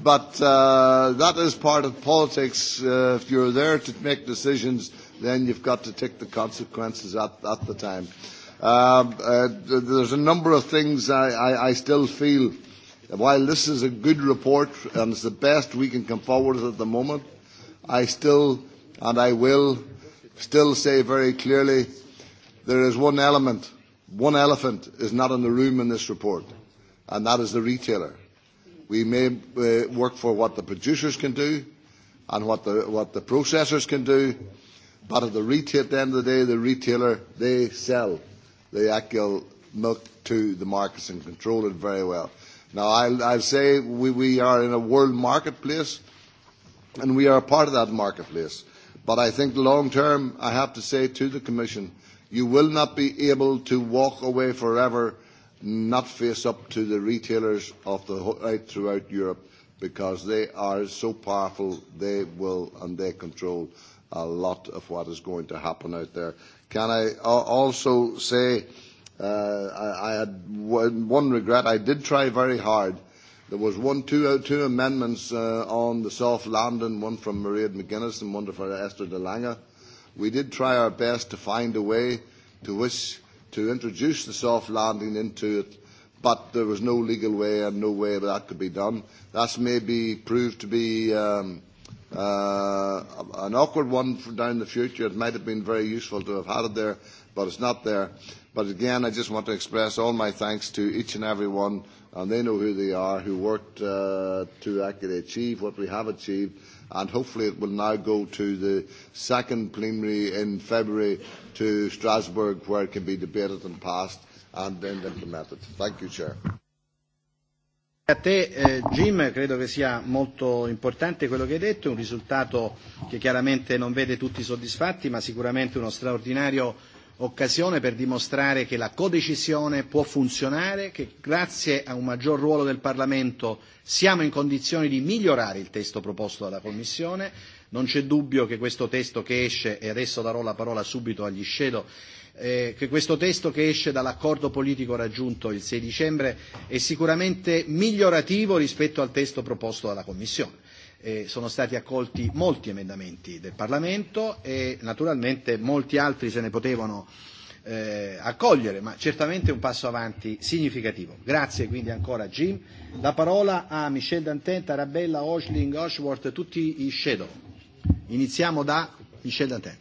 But uh, that is part of politics. Uh, if you're there to make decisions, then you've got to take the consequences at, at the time. Uh, uh, there's a number of things I, I, I still feel uh, While this is a good report and it's the best we can come forward with at the moment, I still and I will still say very clearly there is one element, one elephant is not in the room in this report, and that is the retailer. We may uh, work for what the producers can do and what the, what the processors can do, but at the, retail, at the end of the day, the retailer, they sell the actual milk to the markets and control it very well. Now, I, I say we, we are in a world marketplace, and we are a part of that marketplace. But I think long term, I have to say to the Commission, you will not be able to walk away forever, not face up to the retailers of the right throughout Europe, because they are so powerful, they will and they control a lot of what is going to happen out there. Can I uh, also say Uh, I, I had one regret. I did try very hard. There was one, two, uh, two amendments uh, on the soft landing, one from Maria McGuinness and one from Esther de Lange. We did try our best to find a way to wish to introduce the soft landing into it, but there was no legal way and no way that, that could be done. That's maybe proved to be um, uh, an awkward one for down the future. It might have been very useful to have had it there, but it's not there. But again, I just want to express all my thanks to each and every one, and they know who they are, who worked uh, to actually achieve what we have achieved. And hopefully it will now go to the second plenary in February to Strasbourg, where it can be debated and passed and then implemented. Thank you, Chair. A te eh, Jim credo che sia molto importante quello che hai detto, un risultato che chiaramente non vede tutti soddisfatti ma sicuramente uno straordinario occasione per dimostrare che la codecisione può funzionare, che grazie a un maggior ruolo del Parlamento siamo in condizioni di migliorare il testo proposto dalla Commissione. Non c'è dubbio che questo testo che esce, e adesso darò la parola subito agli Shadow, eh, che questo testo che esce dall'accordo politico raggiunto il 6 dicembre è sicuramente migliorativo rispetto al testo proposto dalla Commissione eh, sono stati accolti molti emendamenti del Parlamento e naturalmente molti altri se ne potevano eh, accogliere, ma certamente un passo avanti significativo. Grazie quindi ancora Jim. La parola a Michel Dantin, Tarabella, Oshling, Oshworth, tutti i shadow. Iniziamo da Michel Dantin.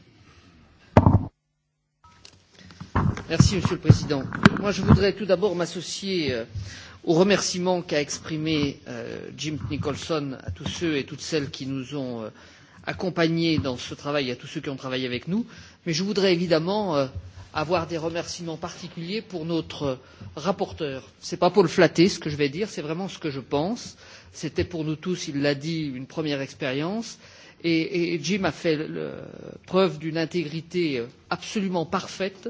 Merci Monsieur le Président. Moi je voudrais tout d'abord m'associer euh, aux remerciements qu'a exprimé euh, Jim Nicholson à tous ceux et toutes celles qui nous ont euh, accompagnés dans ce travail, à tous ceux qui ont travaillé avec nous. Mais je voudrais évidemment euh, avoir des remerciements particuliers pour notre euh, rapporteur. Ce n'est pas pour le flatter ce que je vais dire, c'est vraiment ce que je pense. C'était pour nous tous, il l'a dit, une première expérience. Et, et Jim a fait le, preuve d'une intégrité euh, absolument parfaite,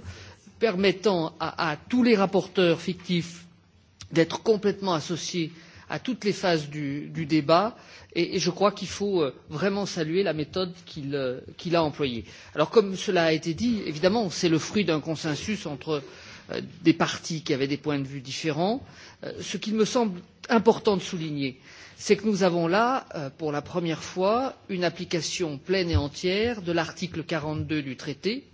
permettant à, à tous les rapporteurs fictifs d'être complètement associé à toutes les phases du, du débat et, et je crois qu'il faut euh, vraiment saluer la méthode qu'il euh, qu a employée. Alors comme cela a été dit, évidemment c'est le fruit d'un consensus entre euh, des partis qui avaient des points de vue différents. ce qu'il me semble important de souligner, c'est que nous avons là, pour la première fois, une application pleine et entière de l'article 42 du traité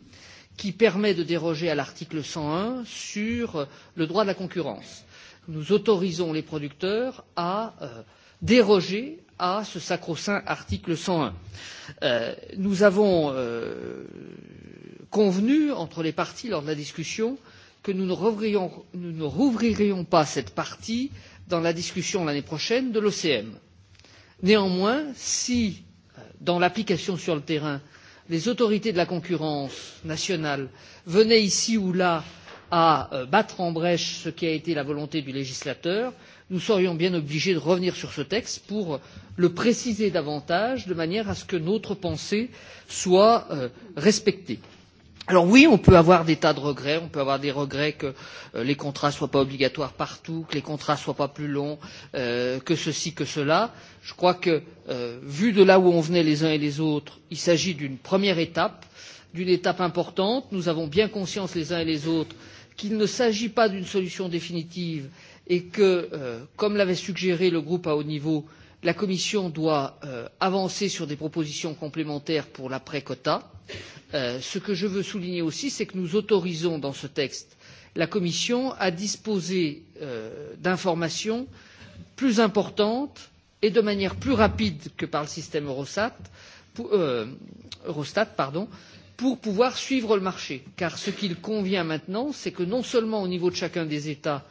qui permet de déroger à l'article 101 sur le droit de la concurrence nous autorisons les producteurs à euh, déroger à ce sacro-saint article 101. Euh, nous avons euh, convenu entre les parties lors de la discussion que nous ne, nous ne rouvririons pas cette partie dans la discussion l'année prochaine de l'OCM. Néanmoins, si euh, dans l'application sur le terrain, les autorités de la concurrence nationale venaient ici ou là euh, à euh, battre en brèche ce qui a été la volonté du législateur nous serions bien obligés de revenir sur ce texte pour le préciser davantage de manière à ce que notre pensée soit euh, respectée. Alors oui, on peut avoir des tas de regrets. On peut avoir des regrets que euh, les contrats ne soient pas obligatoires partout, que les contrats ne soient pas plus longs, euh, que ceci, que cela. Je crois que, euh, vu de là où on venait les uns et les autres, il s'agit d'une première étape, d'une étape importante. Nous avons bien conscience les uns et les autres qu'il ne s'agit pas d'une solution définitive et que, euh, comme l'avait suggéré le groupe à haut niveau, la Commission doit euh, avancer sur des propositions complémentaires pour l'après quota. Euh, ce que je veux souligner aussi, c'est que nous autorisons dans ce texte la Commission à disposer euh, d'informations plus importantes et de manière plus rapide que par le système Eurostat, pour, euh, Eurostat pardon, euh, pour pouvoir suivre le marché car ce qu'il convient maintenant c'est que non seulement au niveau de chacun des états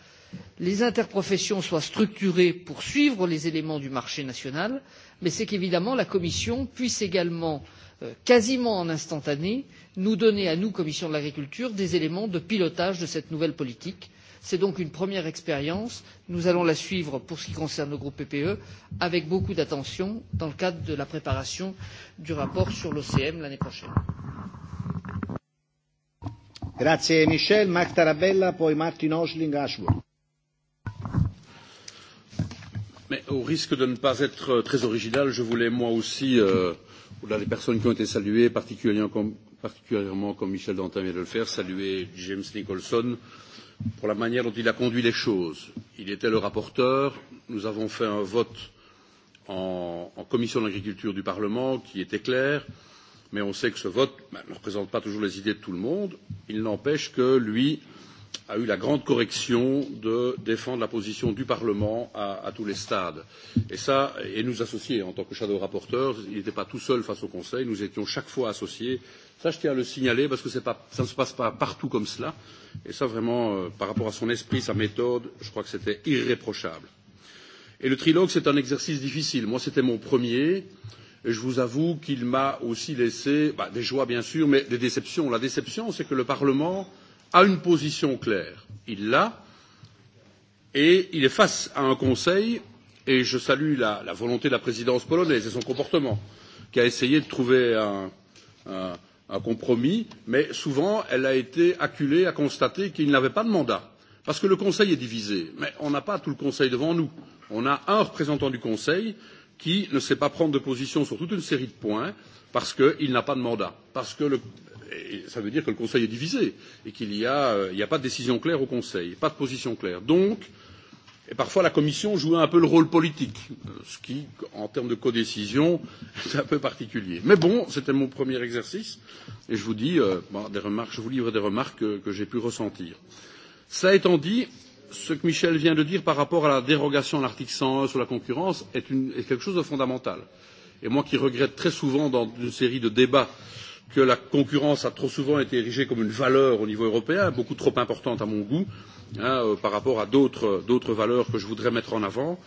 les interprofessions soient structurées pour suivre les éléments du marché national mais c'est qu'évidemment la commission puisse également euh, quasiment en instantané nous donner à nous commission de l'agriculture des éléments de pilotage de cette nouvelle politique. C'est donc une première expérience. Nous allons la suivre pour ce qui concerne le groupe PPE avec beaucoup d'attention dans le cadre de la préparation du rapport sur l'OCM l'année prochaine. Grazie Michel, Marc Tarabella, poi Martin Osling, Ashworth. Mais au risque de ne pas être très original, je voulais moi aussi, euh, au-delà des personnes qui ont été saluées, particulièrement comme, particulièrement comme Michel Dantin vient de le faire, saluer James Nicholson, euh, pour la manière dont il a conduit les choses. Il était le rapporteur. Nous avons fait un vote en, en commission de l'agriculture du Parlement qui était clair, mais on sait que ce vote ben, ne représente pas toujours les idées de tout le monde. Il n'empêche que lui a eu la grande correction de défendre la position du Parlement à, tous les stades. Et ça, nous associer en tant que rapporteurs fictifs. il n'était pas tout seul face au Conseil, nous étions chaque fois associés. Ça, je tiens à le signaler parce que pas, ça ne se passe pas partout comme cela. Et ça, vraiment, euh, par rapport à son esprit, sa méthode, je crois que c'était irréprochable. Et le trilogue, c'est un exercice difficile. Moi, c'était mon premier. Et je vous avoue qu'il m'a aussi laissé bah, des joies, bien sûr, mais des déceptions. La déception, c'est que le Parlement, a une position claire. Il l'a et il est face à un Conseil et je salue la, la volonté de la présidence polonaise et son comportement qui a essayé de trouver un, un, un compromis, mais souvent elle a été acculée à constater qu'il n'avait pas de mandat parce que le Conseil est divisé, mais on n'a pas tout le Conseil devant nous. On a un représentant du Conseil qui ne sait pas prendre de position sur toute une série de points parce qu'il n'a pas de mandat, parce que le, et ça veut dire que le Conseil est divisé et qu'il n'y a, euh, a, pas de décision claire au Conseil, pas de position claire. Donc, et parfois la Commission joue un peu le rôle politique, euh, ce qui, en termes de codécision, est un peu particulier. Mais bon, c'était mon premier exercice et je vous dis, euh, bon, des remarques, je vous livre des remarques que, que j'ai pu ressentir. Cela étant dit, ce que Michel vient de dire par rapport à la dérogation à l'article 101 sur la concurrence est, une, est quelque chose de fondamental. Et moi qui regrette très souvent dans une série de débats que la concurrence a trop souvent été érigée comme une valeur au niveau européen, beaucoup trop importante à mon goût, hein, euh, par rapport à d'autres valeurs que je voudrais mettre en avant.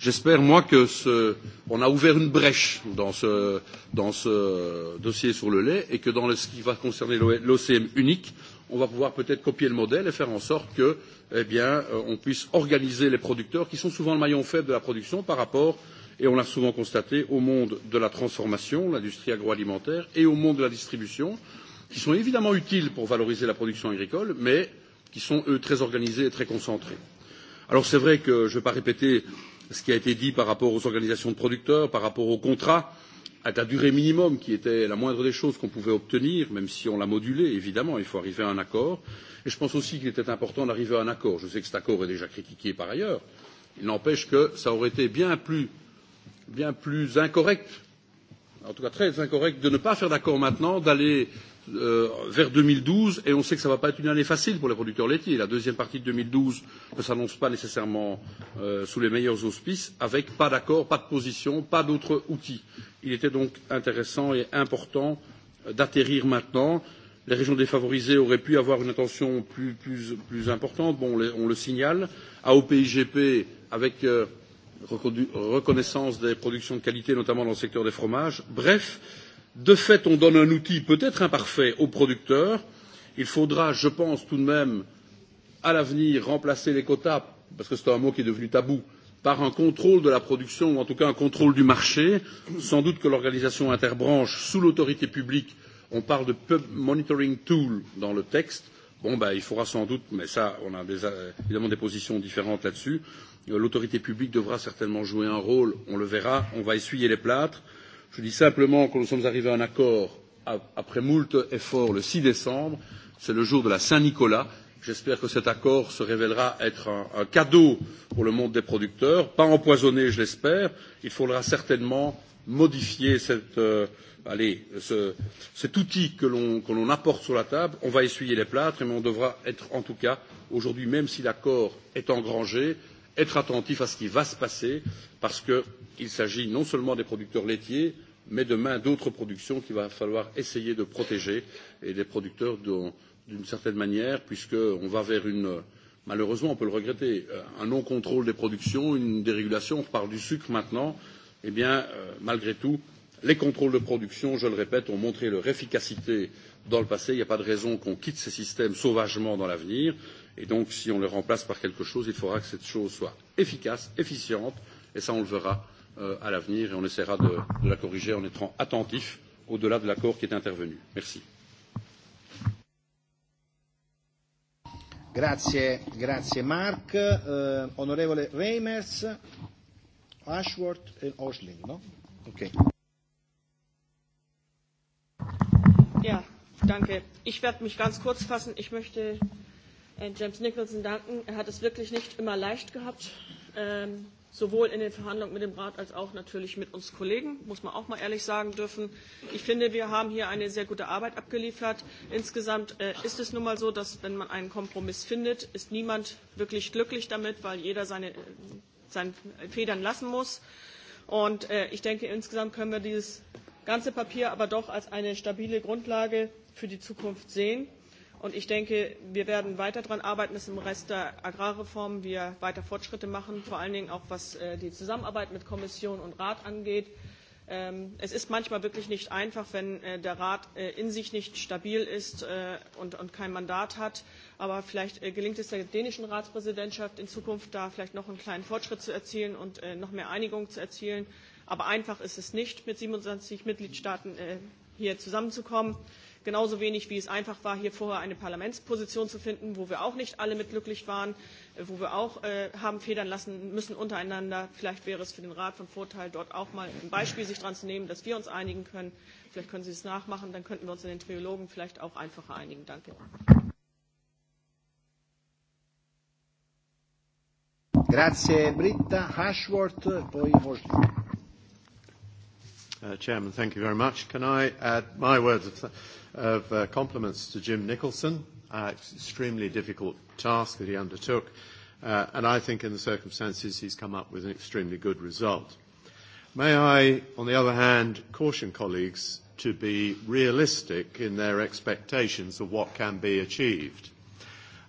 J'espère, moi, que ce, on a ouvert une brèche dans ce, dans ce dossier sur le lait et que dans le, ce qui va concerner l'OCM unique, on va pouvoir peut-être copier le modèle et faire en sorte que, eh bien, euh, on puisse organiser les producteurs, qui sont souvent le maillon faible de la production, par rapport et on l'a souvent constaté au monde de la transformation, l'industrie agroalimentaire et au monde de la distribution, qui sont évidemment utiles pour valoriser la production agricole, mais qui sont, eux, très organisés et très concentrés. Alors c'est vrai que je ne vais pas répéter ce qui a été dit par rapport aux organisations de producteurs, par rapport aux contrats, à la durée minimum qui était la moindre des choses qu'on pouvait obtenir, même si on l'a modulé, évidemment, il faut arriver à un accord. Et je pense aussi qu'il était important d'arriver à un accord. Je sais que cet accord est déjà critiqué par ailleurs. Il n'empêche que ça aurait été bien plus bien plus incorrect, en tout cas très incorrect, de ne pas faire d'accord maintenant, d'aller euh, vers 2012, et on sait que ça ne va pas être une année facile pour les producteurs laitiers. La deuxième partie de 2012 ne s'annonce pas nécessairement euh, sous les meilleurs auspices, avec pas d'accord, pas de position, pas d'autres outils. Il était donc intéressant et important d'atterrir maintenant. Les régions défavorisées auraient pu avoir une attention plus, plus, plus importante, bon, on, les, on le signale. AOP-IGP, avec euh, reconnaissance des productions de qualité, notamment dans le secteur des fromages. Bref, de fait, on donne un outil peut-être imparfait aux producteurs. Il faudra, je pense, tout de même, à l'avenir, remplacer les quotas, parce que c'est un mot qui est devenu tabou, par un contrôle de la production, ou en tout cas un contrôle du marché. Sans doute que l'organisation interbranche, sous l'autorité publique, on parle de pub monitoring tool dans le texte. Bon, ben, il faudra sans doute, mais ça, on a des, évidemment des positions différentes là-dessus, Euh, l'autorité publique devra certainement jouer un rôle, on le verra, on va essuyer les plâtres. Je dis simplement que nous sommes arrivés à un accord après moult efforts le 6 décembre, c'est le jour de la Saint-Nicolas. J'espère que cet accord se révélera être un, un cadeau pour le monde des producteurs, pas empoisonné, je l'espère. Il faudra certainement modifier cette, euh, allez, ce, cet outil que l'on apporte sur la table. On va essuyer les plâtres, mais on devra être en tout cas, aujourd'hui, même si l'accord est engrangé, être attentif à ce qui va se passer parce qu'il s'agit non seulement des producteurs laitiers mais demain d'autres productions qu'il va falloir essayer de protéger et des producteurs d'une certaine manière puisqu'on va vers une malheureusement on peut le regretter euh, un non contrôle des productions une dérégulation on parle du sucre maintenant eh bien euh, malgré tout les contrôles de production je le répète ont montré leur efficacité dans le passé il n'y a pas de raison qu'on quitte ces systèmes sauvagement dans l'avenir. Et donc, si on le remplace par quelque chose, il faudra que cette chose soit efficace, efficiente, et ça, on le verra euh, à l'avenir, et on essaiera de, de la corriger en étant attentif au-delà de l'accord qui est intervenu. Merci. Grazie, grazie Mark. Euh, onorevole Reimers, Ashworth e no? Ja, danke. Ich werde mich ganz kurz fassen. Ich möchte Äh, James Nicholson danken. Er hat es wirklich nicht immer leicht gehabt, ähm, sowohl in den Verhandlungen mit dem Rat als auch natürlich mit uns Kollegen, muss man auch mal ehrlich sagen dürfen. Ich finde, wir haben hier eine sehr gute Arbeit abgeliefert. Insgesamt äh, ist es nun mal so, dass wenn man einen Kompromiss findet, ist niemand wirklich glücklich damit, weil jeder seine, äh, seine Federn lassen muss. Und äh, ich denke, insgesamt können wir dieses ganze Papier aber doch als eine stabile Grundlage für die Zukunft sehen. Und ich denke, wir werden weiter daran arbeiten, dass im Rest der Agrarreform wir weiter Fortschritte machen, vor allen Dingen auch was äh, die Zusammenarbeit mit Kommission und Rat angeht. Ähm, es ist manchmal wirklich nicht einfach, wenn äh, der Rat äh, in sich nicht stabil ist und, kein Mandat hat. Aber vielleicht gelingt es der dänischen Ratspräsidentschaft in Zukunft, da vielleicht noch einen kleinen Fortschritt zu erzielen und noch mehr Einigung zu erzielen. Aber einfach ist es nicht, mit 27 Mitgliedstaaten hier zusammenzukommen. Genauso wenig, wie es einfach war, hier vorher eine Parlamentsposition zu finden, wo wir auch nicht alle mit glücklich waren, äh, wo wir auch äh, haben federn lassen müssen untereinander. Vielleicht wäre es für den Rat von Vorteil, dort auch mal ein Beispiel sich dran zu nehmen, dass wir uns einigen können. Vielleicht können Sie es nachmachen, dann könnten wir uns in den Trilogen vielleicht auch einfacher einigen. Danke. Grazie Britta, Ashworth, poi Hosling. Uh, Chairman, thank you very much. Can I add my words of, of uh, compliments to Jim Nicholson? Uh, it's an extremely difficult task that he undertook, uh, and I think in the circumstances he's come up with an extremely good result. May I, on the other hand, caution colleagues to be realistic in their expectations of what can be achieved.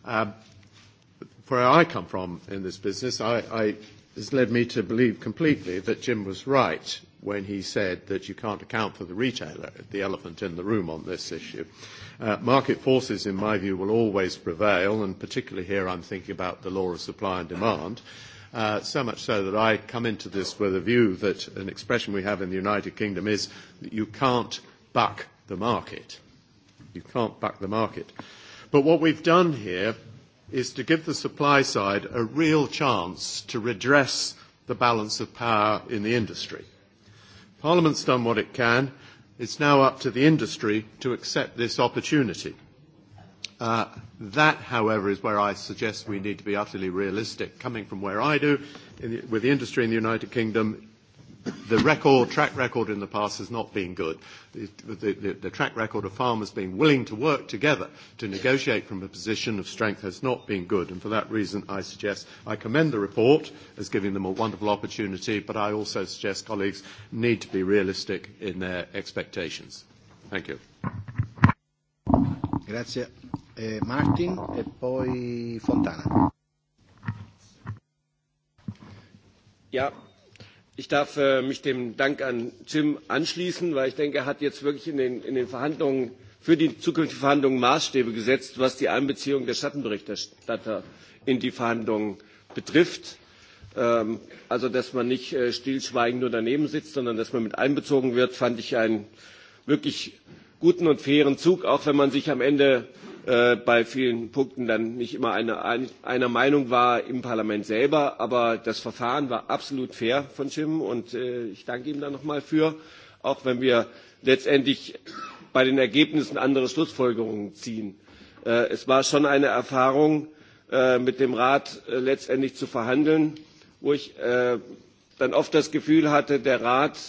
Um, where I come from in this business, I, I, has led me to believe completely that Jim was right when he said that you can't account for the retailer, the elephant in the room on this issue. Uh, market forces, in my view, will always prevail, and particularly here I'm thinking about the law of supply and demand. Uh, so much so that I come into this with a view that an expression we have in the United Kingdom is that you can't buck the market. You can't buck the market. But what we've done here is to give the supply side a real chance to redress the balance of power in the industry. Parliament's done what it can. It's now up to the industry to accept this opportunity. Uh, that, however, is where I suggest we need to be utterly realistic. Coming from where I do, in the, with the industry in the United Kingdom, the record, track record in the past has not been good. The, the, the track record of farmers being willing to work together to negotiate from a position of strength has not been good. And for that reason, I suggest I commend the report as giving them a wonderful opportunity, but I also suggest colleagues need to be realistic in their expectations. Thank you. Grazie. Eh, Martin e poi Fontana. Yeah. Ich darf äh, mich dem Dank an Jim anschließen, weil ich denke, er hat jetzt wirklich in den, in den Verhandlungen für die zukünftigen Verhandlungen Maßstäbe gesetzt, was die Einbeziehung der Schattenberichterstatter in die Verhandlungen betrifft. Ähm, also, dass man nicht äh, stillschweigend nur daneben sitzt, sondern dass man mit einbezogen wird, fand ich einen wirklich guten und fairen Zug, auch wenn man sich am Ende Äh, bei vielen Punkten dann nicht immer eine, einer Meinung war im Parlament selber. Aber das Verfahren war absolut fair von Jim und äh, ich danke ihm da nochmal für, auch wenn wir letztendlich bei den Ergebnissen andere Schlussfolgerungen ziehen. Äh, es war schon eine Erfahrung, äh, mit dem Rat äh, letztendlich zu verhandeln, wo ich äh, dann oft das Gefühl hatte, der Rat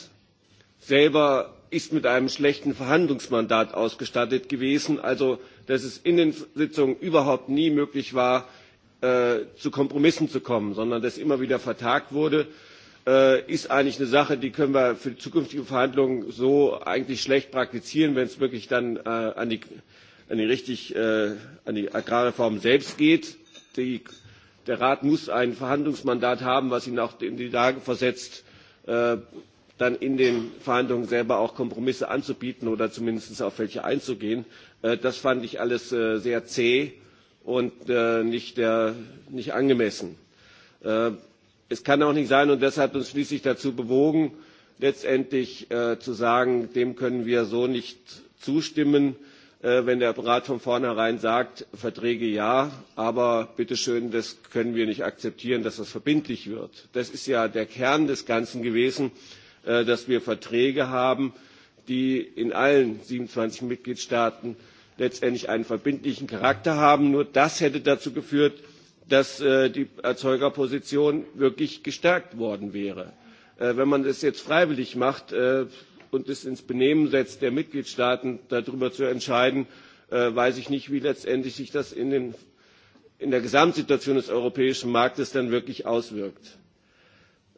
selber ist mit einem schlechten Verhandlungsmandat ausgestattet gewesen. Also dass es in den Sitzungen überhaupt nie möglich war, äh, zu Kompromissen zu kommen, sondern dass immer wieder vertagt wurde, äh, ist eigentlich eine Sache, die können wir für zukünftige Verhandlungen so eigentlich schlecht praktizieren, wenn es wirklich dann äh, an, die, an, die richtig, äh, an die Agrarreform selbst geht. Die, der Rat muss ein Verhandlungsmandat haben, was ihn auch in die Lage versetzt, dann in den Verhandlungen selber auch Kompromisse anzubieten oder zumindest auf welche einzugehen. Äh, das fand ich alles äh, sehr zäh und äh, nicht, der, nicht angemessen. Es kann auch nicht sein, und das hat uns schließlich dazu bewogen, letztendlich zu sagen, dem können wir so nicht zustimmen, wenn der Rat von vornherein sagt, Verträge ja, aber bitteschön, das können wir nicht akzeptieren, dass das verbindlich wird. Das ist ja der Kern des Ganzen gewesen Äh, dass wir Verträge haben, die in allen 27 Mitgliedstaaten letztendlich einen verbindlichen Charakter haben. Nur das hätte dazu geführt, dass äh, die Erzeugerposition wirklich gestärkt worden wäre. Äh, wenn man es jetzt freiwillig macht und es ins Benehmen setzt, der Mitgliedstaaten darüber zu entscheiden, weiß ich nicht, wie letztendlich sich das in, den, in der Gesamtsituation des europäischen Marktes dann wirklich auswirkt.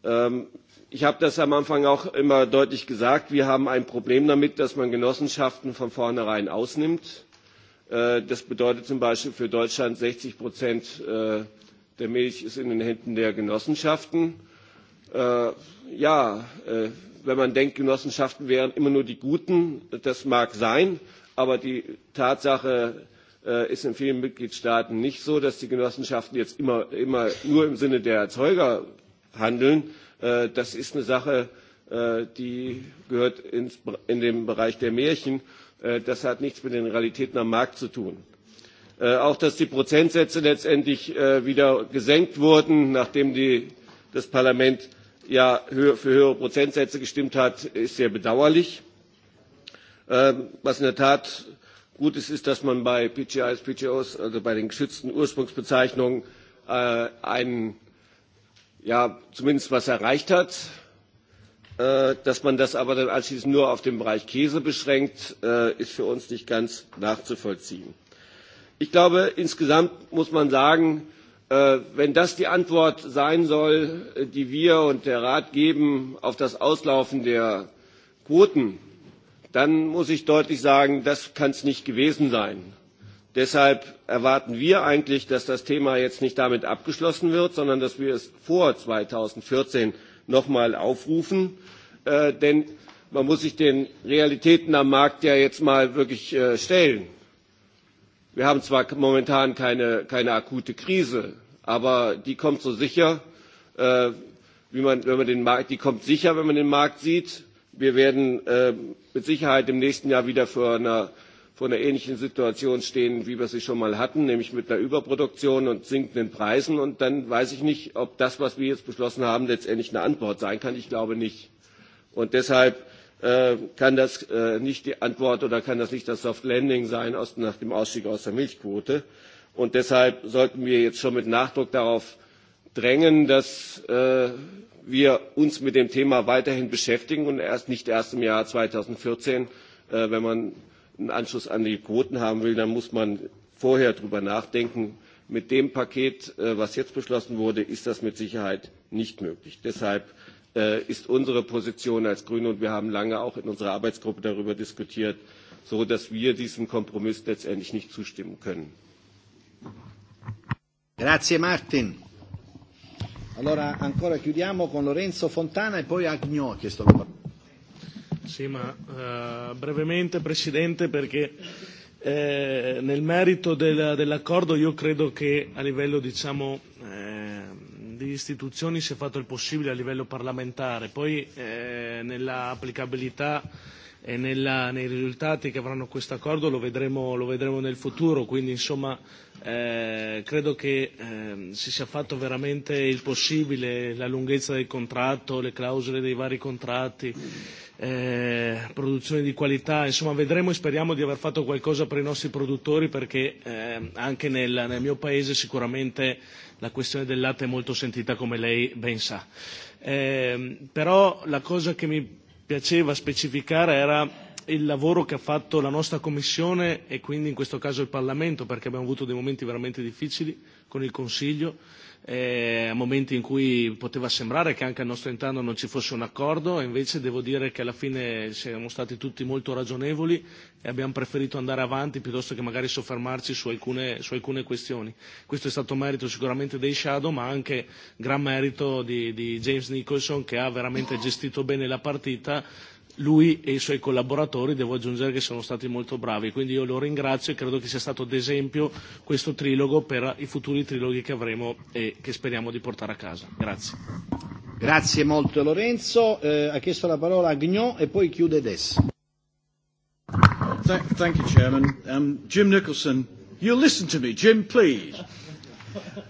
Ähm, ich habe das am anfang auch immer deutlich gesagt wir haben ein problem damit dass man genossenschaften von vornherein ausnimmt. Äh, das bedeutet zum beispiel für deutschland sechzig äh, der milch ist in den händen der genossenschaften. Äh, ja wenn man denkt genossenschaften wären immer nur die guten das mag sein aber die tatsache ist in vielen mitgliedstaaten nicht so dass die genossenschaften jetzt immer, immer nur im sinne der erzeuger handeln. Äh, das ist eine Sache, äh, die gehört in den Bereich der Märchen. Äh, das hat nichts mit den Realitäten am Markt zu tun. auch dass die Prozentsätze letztendlich wieder gesenkt wurden, nachdem die, das Parlament ja für höhere Prozentsätze gestimmt hat, ist sehr bedauerlich. Ähm, was in der Tat gut ist, ist, dass man bei PGIs, PGOs, also bei den geschützten Ursprungsbezeichnungen, einen ja zumindest was erreicht hat. Äh, dass man das aber dann anschließend nur auf den Bereich Käse beschränkt, äh, ist für uns nicht ganz nachzuvollziehen. Ich glaube, insgesamt muss man sagen, äh, wenn das die Antwort sein soll, die wir und der Rat geben auf das Auslaufen der Quoten, dann muss ich deutlich sagen, das kann es nicht gewesen sein. Deshalb erwarten wir eigentlich, dass das Thema jetzt nicht damit abgeschlossen wird, sondern dass wir es vor zweitausendvierzehn noch nochmal aufrufen. Äh, denn man muss sich den Realitäten am Markt ja jetzt mal wirklich äh, stellen. Wir haben zwar momentan keine, keine akute Krise, aber die kommt so sicher, äh, wie man, wenn man den Markt, die kommt sicher, wenn man den Markt sieht. Wir werden äh, mit Sicherheit im nächsten Jahr wieder vor einer vor einer ähnlichen Situation stehen, wie wir sie schon mal hatten, nämlich mit einer Überproduktion und sinkenden Preisen. Und dann weiß ich nicht, ob das, was wir jetzt beschlossen haben, letztendlich eine Antwort sein kann. Ich glaube nicht. Und deshalb äh, kann das äh, nicht die Antwort oder kann das nicht das Soft Landing sein aus, nach dem Ausstieg aus der Milchquote. Und deshalb sollten wir jetzt schon mit Nachdruck darauf drängen, dass äh, wir uns mit dem Thema weiterhin beschäftigen und erst nicht erst im Jahr 2014, äh, wenn man einen Anschluss an die Quoten haben will, dann muss man vorher darüber nachdenken. Mit dem Paket, äh, was jetzt beschlossen wurde, ist das mit Sicherheit nicht möglich. Deshalb äh, ist unsere Position als Grüne, und wir haben lange auch in unserer Arbeitsgruppe darüber diskutiert, so dass wir diesem Kompromiss letztendlich nicht zustimmen können. Grazie Martin. Allora ancora chiudiamo con Lorenzo Fontana e poi Agnò chiesto la parola. Sì, ma uh, brevemente Presidente perché eh, nel merito del, dell'accordo io credo che a livello diciamo, eh, di istituzioni si è fatto il possibile a livello parlamentare, poi eh, nell'applicabilità e nella, nei risultati che avranno questo accordo lo vedremo, lo vedremo nel futuro, quindi insomma Eh, credo che eh, si sia fatto veramente il possibile, la lunghezza del contratto, le clausole dei vari contratti, eh, produzione di qualità, insomma vedremo e speriamo di aver fatto qualcosa per i nostri produttori perché eh, anche nel, nel mio paese sicuramente la questione del latte è molto sentita come lei ben sa. Eh, però la cosa che mi piaceva specificare era il lavoro che ha fatto la nostra Commissione e quindi in questo caso il Parlamento, perché abbiamo avuto dei momenti veramente difficili con il Consiglio, eh, momenti in cui poteva sembrare che anche al nostro interno non ci fosse un accordo e invece devo dire che alla fine siamo stati tutti molto ragionevoli e abbiamo preferito andare avanti piuttosto che magari soffermarci su alcune, su alcune questioni. Questo è stato merito sicuramente dei Shadow ma anche gran merito di, di James Nicholson che ha veramente gestito bene la partita lui e i suoi collaboratori devo aggiungere che sono stati molto bravi, quindi io lo ringrazio e credo che sia stato d'esempio questo trilogo per i futuri triloghi che avremo e che speriamo di portare a casa. Grazie. Grazie molto Lorenzo, eh, ha chiesto la parola a Gnò e poi chiude Dess. Thank, you Chairman. Um, Jim Nicholson, you listen to me, Jim please.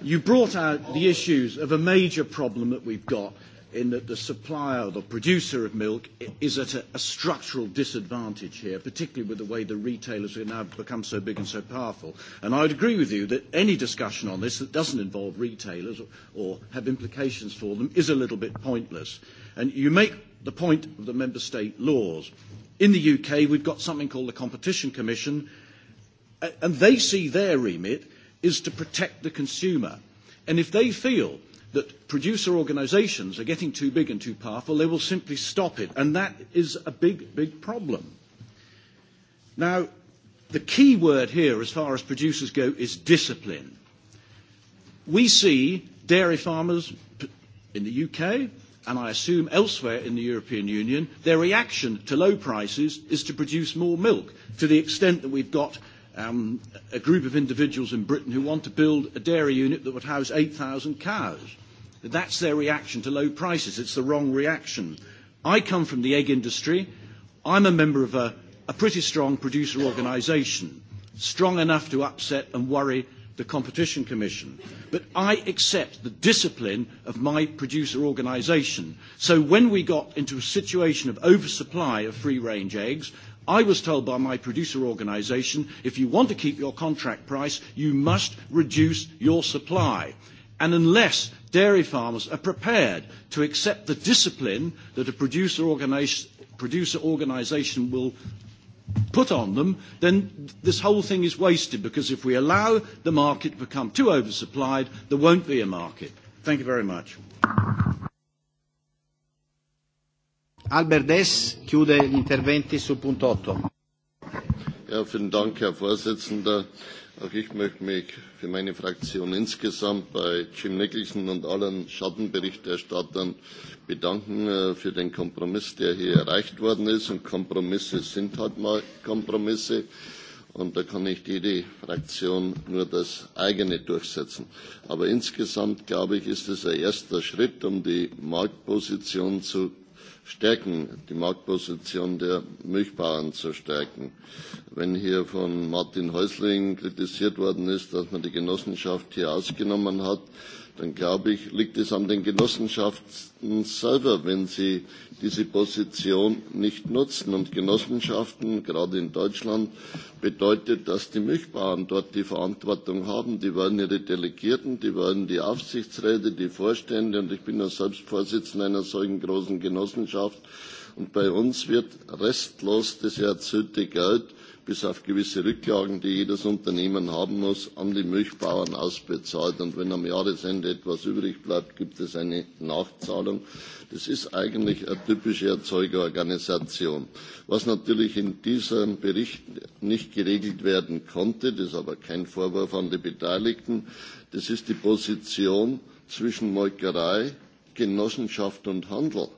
You brought out the issues of a major problem that we've got in that the supplier, or the producer of milk, is at a, a structural disadvantage here, particularly with the way the retailers have now become so big and so powerful. And I would agree with you that any discussion on this that doesn't involve retailers or, or have implications for them is a little bit pointless. And you make the point of the member state laws. In the UK, we've got something called the Competition Commission, and they see their remit is to protect the consumer. And if they feel that producer organisations are getting too big and too powerful, they will simply stop it. And that is a big, big problem. Now, the key word here, as far as producers go, is discipline. We see dairy farmers in the UK, and I assume elsewhere in the European Union, their reaction to low prices is to produce more milk to the extent that we've got um, a group of individuals in Britain who want to build a dairy unit that would house 8,000 cows. That's their reaction to low prices. It's the wrong reaction. I come from the egg industry. I'm a member of a, a pretty strong producer organisation, strong enough to upset and worry the Competition Commission. But I accept the discipline of my producer organisation. So when we got into a situation of oversupply of free range eggs, I was told by my producer organisation, if you want to keep your contract price, you must reduce your supply. And unless dairy farmers are prepared to accept the discipline that a producer, organi- producer organisation will put on them, then this whole thing is wasted because if we allow the market to become too oversupplied, there won't be a market. Thank you very much. Albert Dess chiude gli interventi sul punto 8. Ja, vielen Dank, Herr Vorsitzender. Auch ich möchte mich für meine Fraktion insgesamt bei Jim Nicholson und allen Schattenberichterstattern bedanken äh, für den Kompromiss, der hier erreicht worden ist. Und Kompromisse sind halt mal Kompromisse. Und da kann nicht jede Fraktion nur das eigene durchsetzen. Aber insgesamt, glaube ich, ist es ein erster Schritt, um die Marktposition zu stärken, die Marktposition der Milchbauern zu stärken. Wenn hier von Martin Häusling kritisiert worden ist, dass man die Genossenschaft hier ausgenommen hat, dann glaube ich, liegt es an den Genossenschaften selber, wenn sie diese Position nicht nutzen. Und Genossenschaften, gerade in Deutschland, bedeutet, dass die Milchbauern dort die Verantwortung haben. Die wollen ihre Delegierten, die wollen die Aufsichtsräte, die Vorstände. Und ich bin ja selbst Vorsitzender einer solchen großen Genossenschaft. Und bei uns wird restlos das erzielte Geld bis auf gewisse Rücklagen, die jedes Unternehmen haben muss, an die Milchbauern ausbezahlt. Und wenn am Jahresende etwas übrig bleibt, gibt es eine Nachzahlung. Das ist eigentlich eine typische Erzeugerorganisation. Was natürlich in diesem Bericht nicht geregelt werden konnte, das ist aber kein Vorwurf an die Beteiligten, das ist die Position zwischen Molkerei, Genossenschaft und Handel.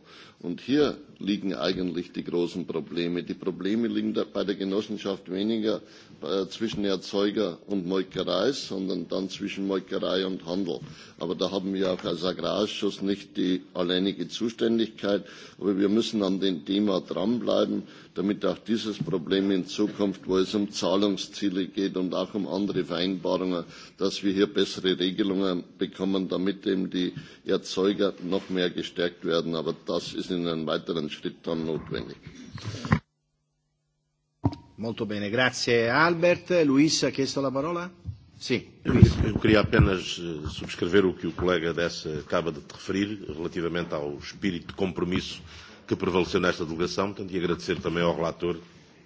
Und hier liegen eigentlich die großen Probleme. Die Probleme liegen bei der Genossenschaft weniger äh, zwischen Erzeuger und Molkerei, sondern dann zwischen Molkerei und Handel. Aber da haben wir auch als Agrarausschuss nicht die alleinige Zuständigkeit. Aber wir müssen an dem Thema dranbleiben, damit auch dieses Problem in Zukunft, wo es um Zahlungsziele geht und auch um andere Vereinbarungen, dass wir hier bessere Regelungen bekommen, damit eben die Erzeuger noch mehr gestärkt werden. Aber das ist in einem weiteren Molto bene, grazie Albert. Luis ha chiesto la parola? Sim. Eu, eu queria apenas eh, subscrever o que o colega dessa acaba de referir relativamente ao espírito de compromisso que prevaleceu nesta delegação, portanto, e agradecer também ao relator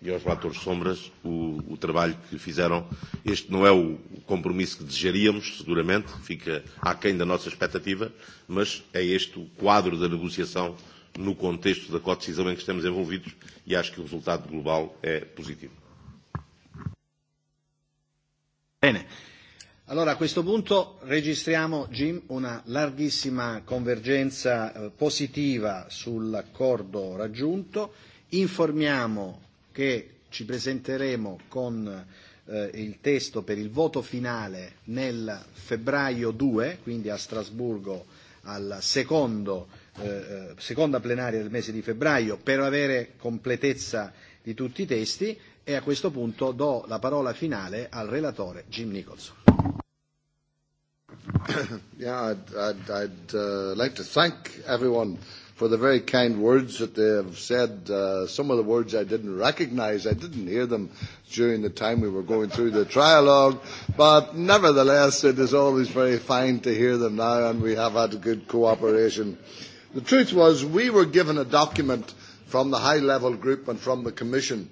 e aos relatores sombras o, o trabalho que fizeram. Este não é o compromisso que desejaríamos, seguramente, fica aquém da nossa expectativa, mas é este o quadro da negociação uh, no contexto da co-decisão em que estamos envolvidos e acho que o resultado global é positivo. Bene. Allora a questo punto registriamo, Jim, una larghissima convergenza eh, positiva sull'accordo raggiunto. Informiamo che ci presenteremo con eh, il testo per il voto finale nel febbraio 2, quindi a Strasburgo al secondo Eh, eh, seconda plenaria del mese di febbraio per avere completezza di tutti i testi e a questo punto do la parola finale al relatore Jim Nicholson. Yeah, I'd, I'd, I'd uh, like to thank everyone for the very kind words that they have said. Uh, some of the words I didn't recognise. I didn't hear them during the time we were going through the trialogue, but nevertheless, it is always very fine to hear them now, and we have had good cooperation. The truth was we were given a document from the high level group and from the Commission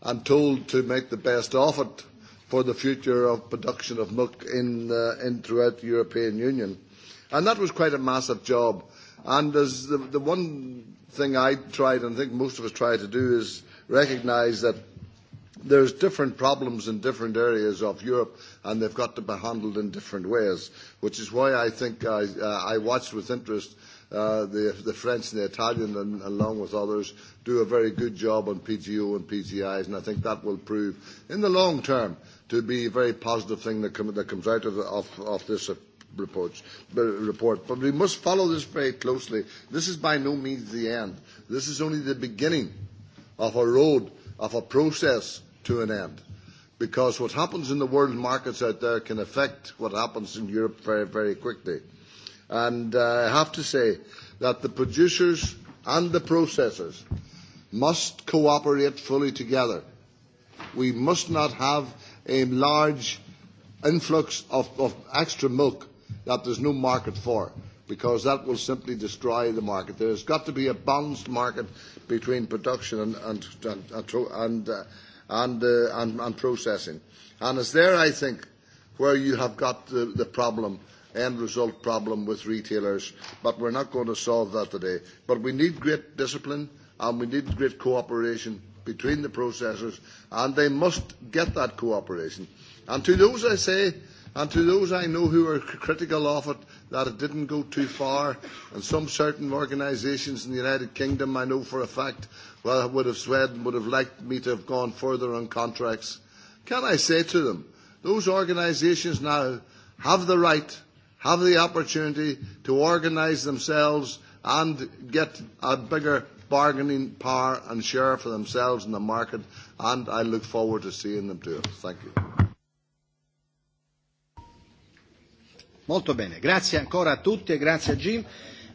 and told to make the best of it for the future of production of milk in, uh, in throughout the European Union. And that was quite a massive job. And as the, the one thing I tried, and I think most of us try to do, is recognise that there's different problems in different areas of Europe, and they've got to be handled in different ways, which is why I think I, uh, I watched with interest Uh, the, the French and the Italian, and, along with others, do a very good job on PGO and PGIs, and I think that will prove, in the long term, to be a very positive thing that, com- that comes out of, the, of, of this uh, reports, report. But we must follow this very closely. This is by no means the end. This is only the beginning of a road, of a process to an end. Because what happens in the world markets out there can affect what happens in Europe very, very quickly. And uh, I have to say that the producers and the processors must cooperate fully together. We must not have a large influx of, of extra milk that there's no market for because that will simply destroy the market. There has got to be a balanced market between production and, and, and, and, uh, and, uh, and, and processing. And it's there, I think, where you have got the, the problem end result problem with retailers, but we're not going to solve that today. But we need great discipline and we need great cooperation between the processors, and they must get that cooperation. And to those I say, and to those I know who are critical of it, that it didn't go too far, and some certain organisations in the United Kingdom, I know for a fact, well, would have Sweden would have liked me to have gone further on contracts. Can I say to them, those organisations now have the right have the opportunity to organise themselves and get a bigger bargaining power and share for themselves in the market, and I look forward to seeing them do it. Thank you. Molto bene, grazie ancora a tutti e grazie a Jim.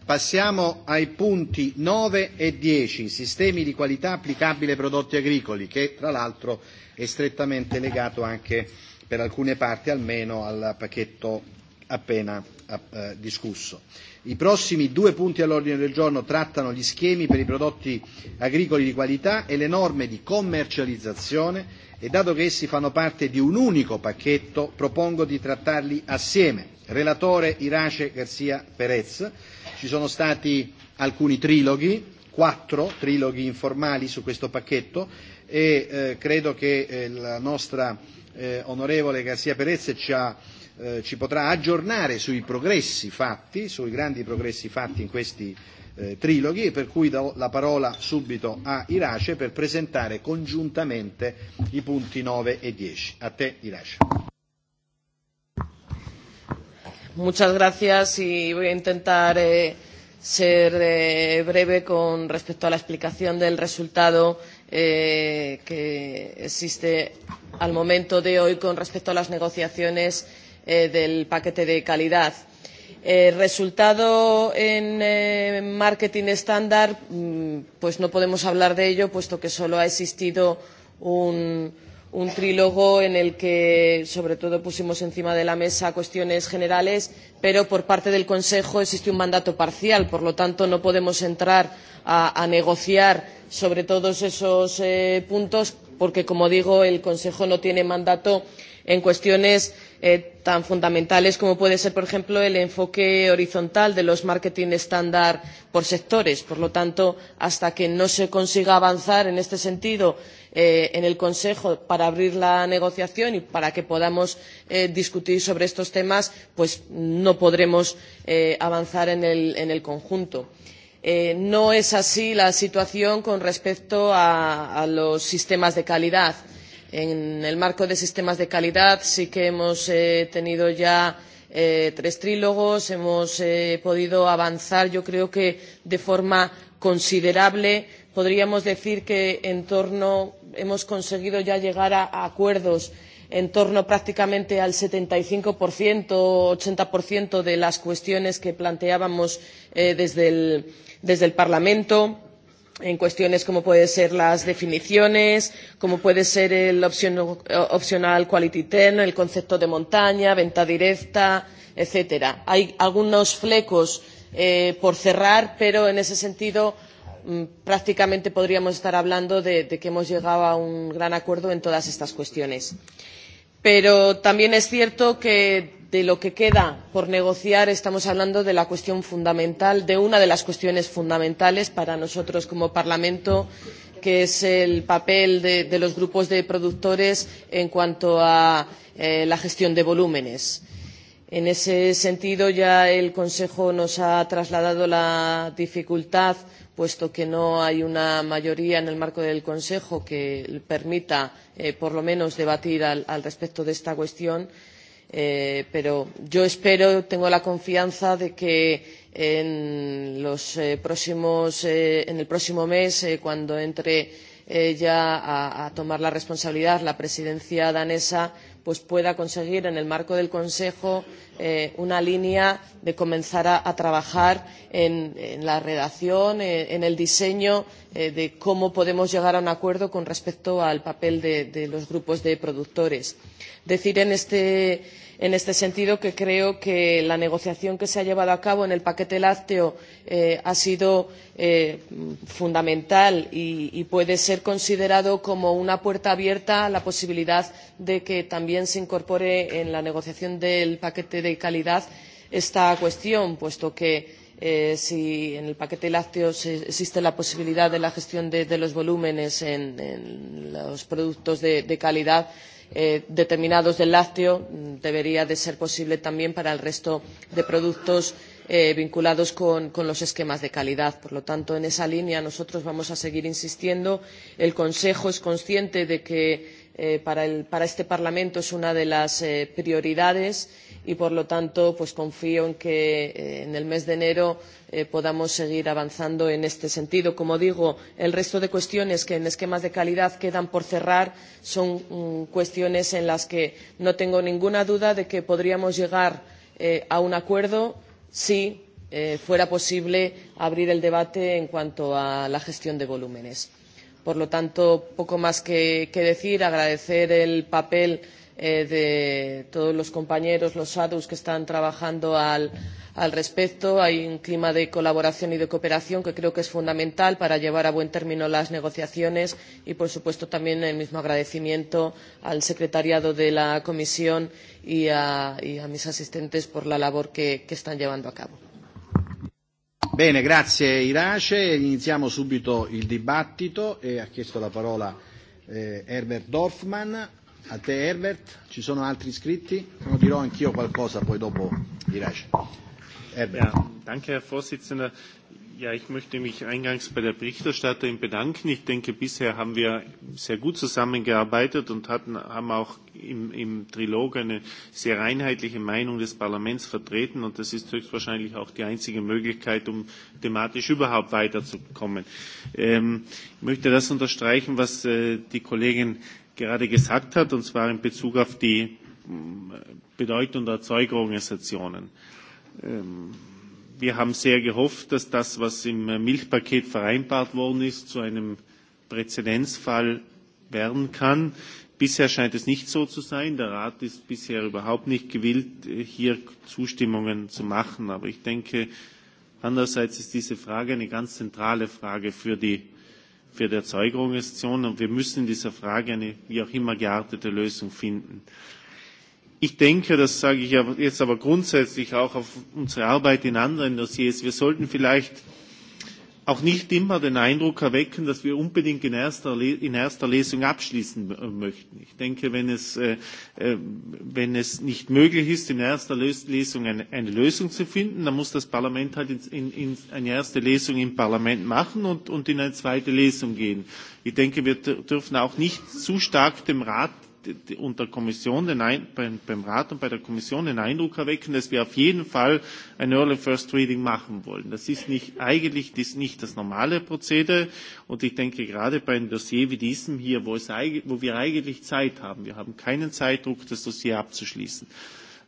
Passiamo ai punti 9 e 10, sistemi di qualità applicabile ai prodotti agricoli, che tra l'altro è strettamente legato anche per alcune parti almeno al pacchetto appena eh, discusso. I prossimi due punti all'ordine del giorno trattano gli schemi per i prodotti agricoli di qualità e le norme di commercializzazione e dato che essi fanno parte di un unico pacchetto propongo di trattarli assieme. Relatore Irace Garcia Perez, ci sono stati alcuni triloghi, quattro triloghi informali su questo pacchetto e eh, credo che eh, la nostra eh, onorevole Garcia Perez ci ha Eh, ci potrà aggiornare sui progressi fatti, sui grandi progressi fatti in questi eh, triloghi e per cui do la parola subito a Irace per presentare congiuntamente i punti 9 e 10. A te Irace. Muchas gracias y voy a intentar eh, ser eh, breve con respecto a la explicación del resultado eh, que existe al momento de hoy con respecto a las negociaciones Eh, del paquete de calidad. El eh, resultado en eh, marketing estándar, mm, pues no podemos hablar de ello, puesto que solo ha existido un, un trílogo en el que sobre todo pusimos encima de la mesa cuestiones generales pero por parte del consejo existe un mandato parcial por lo tanto no podemos entrar a, a negociar sobre todos esos eh, puntos porque como digo el consejo no tiene mandato en cuestiones Eh, tan fundamentales como puede ser, por ejemplo, el enfoque horizontal de los marketing estándar por sectores. Por lo tanto, hasta que no se consiga avanzar en este sentido eh, en el Consejo para abrir la negociación y para que podamos eh, discutir sobre estos temas, pues no podremos avanzar en el, conjunto. no es así la situación con respecto a, los sistemas de calidad. En el marco de sistemas de calidad sí que hemos eh, tenido ya eh, tres trílogos, hemos eh, podido avanzar, yo creo que de forma considerable. Podríamos decir que en torno, hemos conseguido ya llegar a, acuerdos en torno prácticamente al setenta y cinco o ochenta de las cuestiones que planteábamos desde, el, desde el Parlamento en cuestiones como pueden ser las definiciones, como puede ser el opcional, opcional quality ten, el concepto de montaña, venta directa, etcétera. Hay algunos flecos eh, por cerrar, pero en ese sentido mmm, prácticamente podríamos estar hablando de, de que hemos llegado a un gran acuerdo en todas estas cuestiones. Pero también es cierto que de lo que queda por negociar estamos hablando de la cuestión fundamental de una de las cuestiones fundamentales para nosotros como parlamento que es el papel de, de los grupos de productores en cuanto a eh, la gestión de volúmenes. En ese sentido, ya el Consejo nos ha trasladado la dificultad, puesto que no hay una mayoría en el marco del Consejo que permita, eh, por lo menos, debatir al, al respecto de esta cuestión. Eh, Eh, pero yo espero, tengo la confianza de que en, eh, eh, el próximo mes, cuando entre ya a, tomar la responsabilidad la presidencia danesa, pueda conseguir en el marco del Consejo que Eh, una línea de comenzar a, trabajar en, la redacción, eh, en el diseño eh, de cómo podemos llegar a un acuerdo con respecto al papel de, los grupos de productores. quiero Decir en este en este sentido que creo que la negociación que se ha llevado a cabo en el paquete lácteo eh, ha sido eh, fundamental y, puede ser considerada como una puerta abierta a la posibilidad de que también se incorpore en la negociación del paquete de calidad esta cuestión puesto que eh, si en el paquete lácteo existe la posibilidad de la gestión de, los volúmenes en, los productos de, calidad eh, Eh, determinados del lácteo mm, debería ser posible también para el resto de productos eh, vinculados con, los esquemas de calidad. Por lo tanto, en esa línea nosotros vamos a seguir insistiendo. El Consejo es consciente de que eh, para, este Parlamento es una de las prioridades y y por lo tanto confío en que eh, en el mes de enero eh, podamos seguir avanzando en este sentido. como digo el resto de cuestiones que en esquemas de calidad quedan por cerrar son mm, cuestiones en las que no tengo ninguna duda de que podríamos llegar eh, a un acuerdo si fuera posible abrir el debate en cuanto a la gestión de volúmenes. por lo tanto poco más que, decir agradecer el papel que Eh, de todos los compañeros, los ponentes alternativos que están trabajando al, respecto. Hay un clima de colaboración y de cooperación que creo que es fundamental para llevar a buen término las negociaciones y, por supuesto, también el mismo agradecimiento al secretariado de la comisión y a, mis asistentes por la labor que, que están llevando a cabo. Bene, grazie Irace. Iniziamo subito il dibattito e ha chiesto la parola eh, Herbert Dorfman a te Herbert, ci sono altri iscritti? non dirò anch'io qualcosa, poi dopo direi. Herbert. Ja, danke Herr Vorsitzender. Ja, ich möchte mich eingangs bei der Berichterstatterin bedanken. Ich denke, bisher haben wir sehr gut zusammengearbeitet und hatten, haben auch im, im Trilog eine sehr einheitliche Meinung des Parlaments vertreten. Und das ist höchstwahrscheinlich auch die einzige Möglichkeit, um thematisch überhaupt weiterzukommen. Ähm, ich möchte das unterstreichen, was äh, die Kollegin äh, gerade gesagt hat, und zwar in Bezug auf die mm, Bedeutung der Erzeugerorganisationen. Ähm, wir haben sehr gehofft, dass das, was im Milchpaket vereinbart worden ist, zu einem Präzedenzfall werden kann. Bisher scheint es nicht so zu sein. Der Rat ist bisher überhaupt nicht gewillt, hier Zustimmungen zu machen. Aber ich denke, andererseits ist diese Frage eine ganz zentrale Frage für die für die Erzeugerorganisationen. Und wir müssen in dieser Frage eine wie auch immer geartete Lösung finden. Ich denke, das sage ich jetzt aber grundsätzlich auch auf unsere Arbeit in anderen Dossiers, wir sollten vielleicht auch nicht immer den Eindruck erwecken, dass wir unbedingt in erster, in erster Lesung abschließen möchten. Ich denke, wenn es, äh, äh, wenn es nicht möglich ist, in erster Lesung eine, eine Lösung zu finden, dann muss das Parlament halt in, in, eine erste Lesung im Parlament machen und, und in eine zweite Lesung gehen. Ich denke, wir dürfen auch nicht zu stark dem Rat und der Kommission den Ein beim, beim Rat und bei der Kommission den Eindruck erwecken, dass wir auf jeden Fall ein Early First Reading machen wollen. Das ist nicht, eigentlich das nicht das normale Prozedere. Und ich denke gerade bei einem Dossier wie diesem hier, wo, es, wo wir eigentlich Zeit haben, wir haben keinen Zeitdruck, das Dossier abzuschließen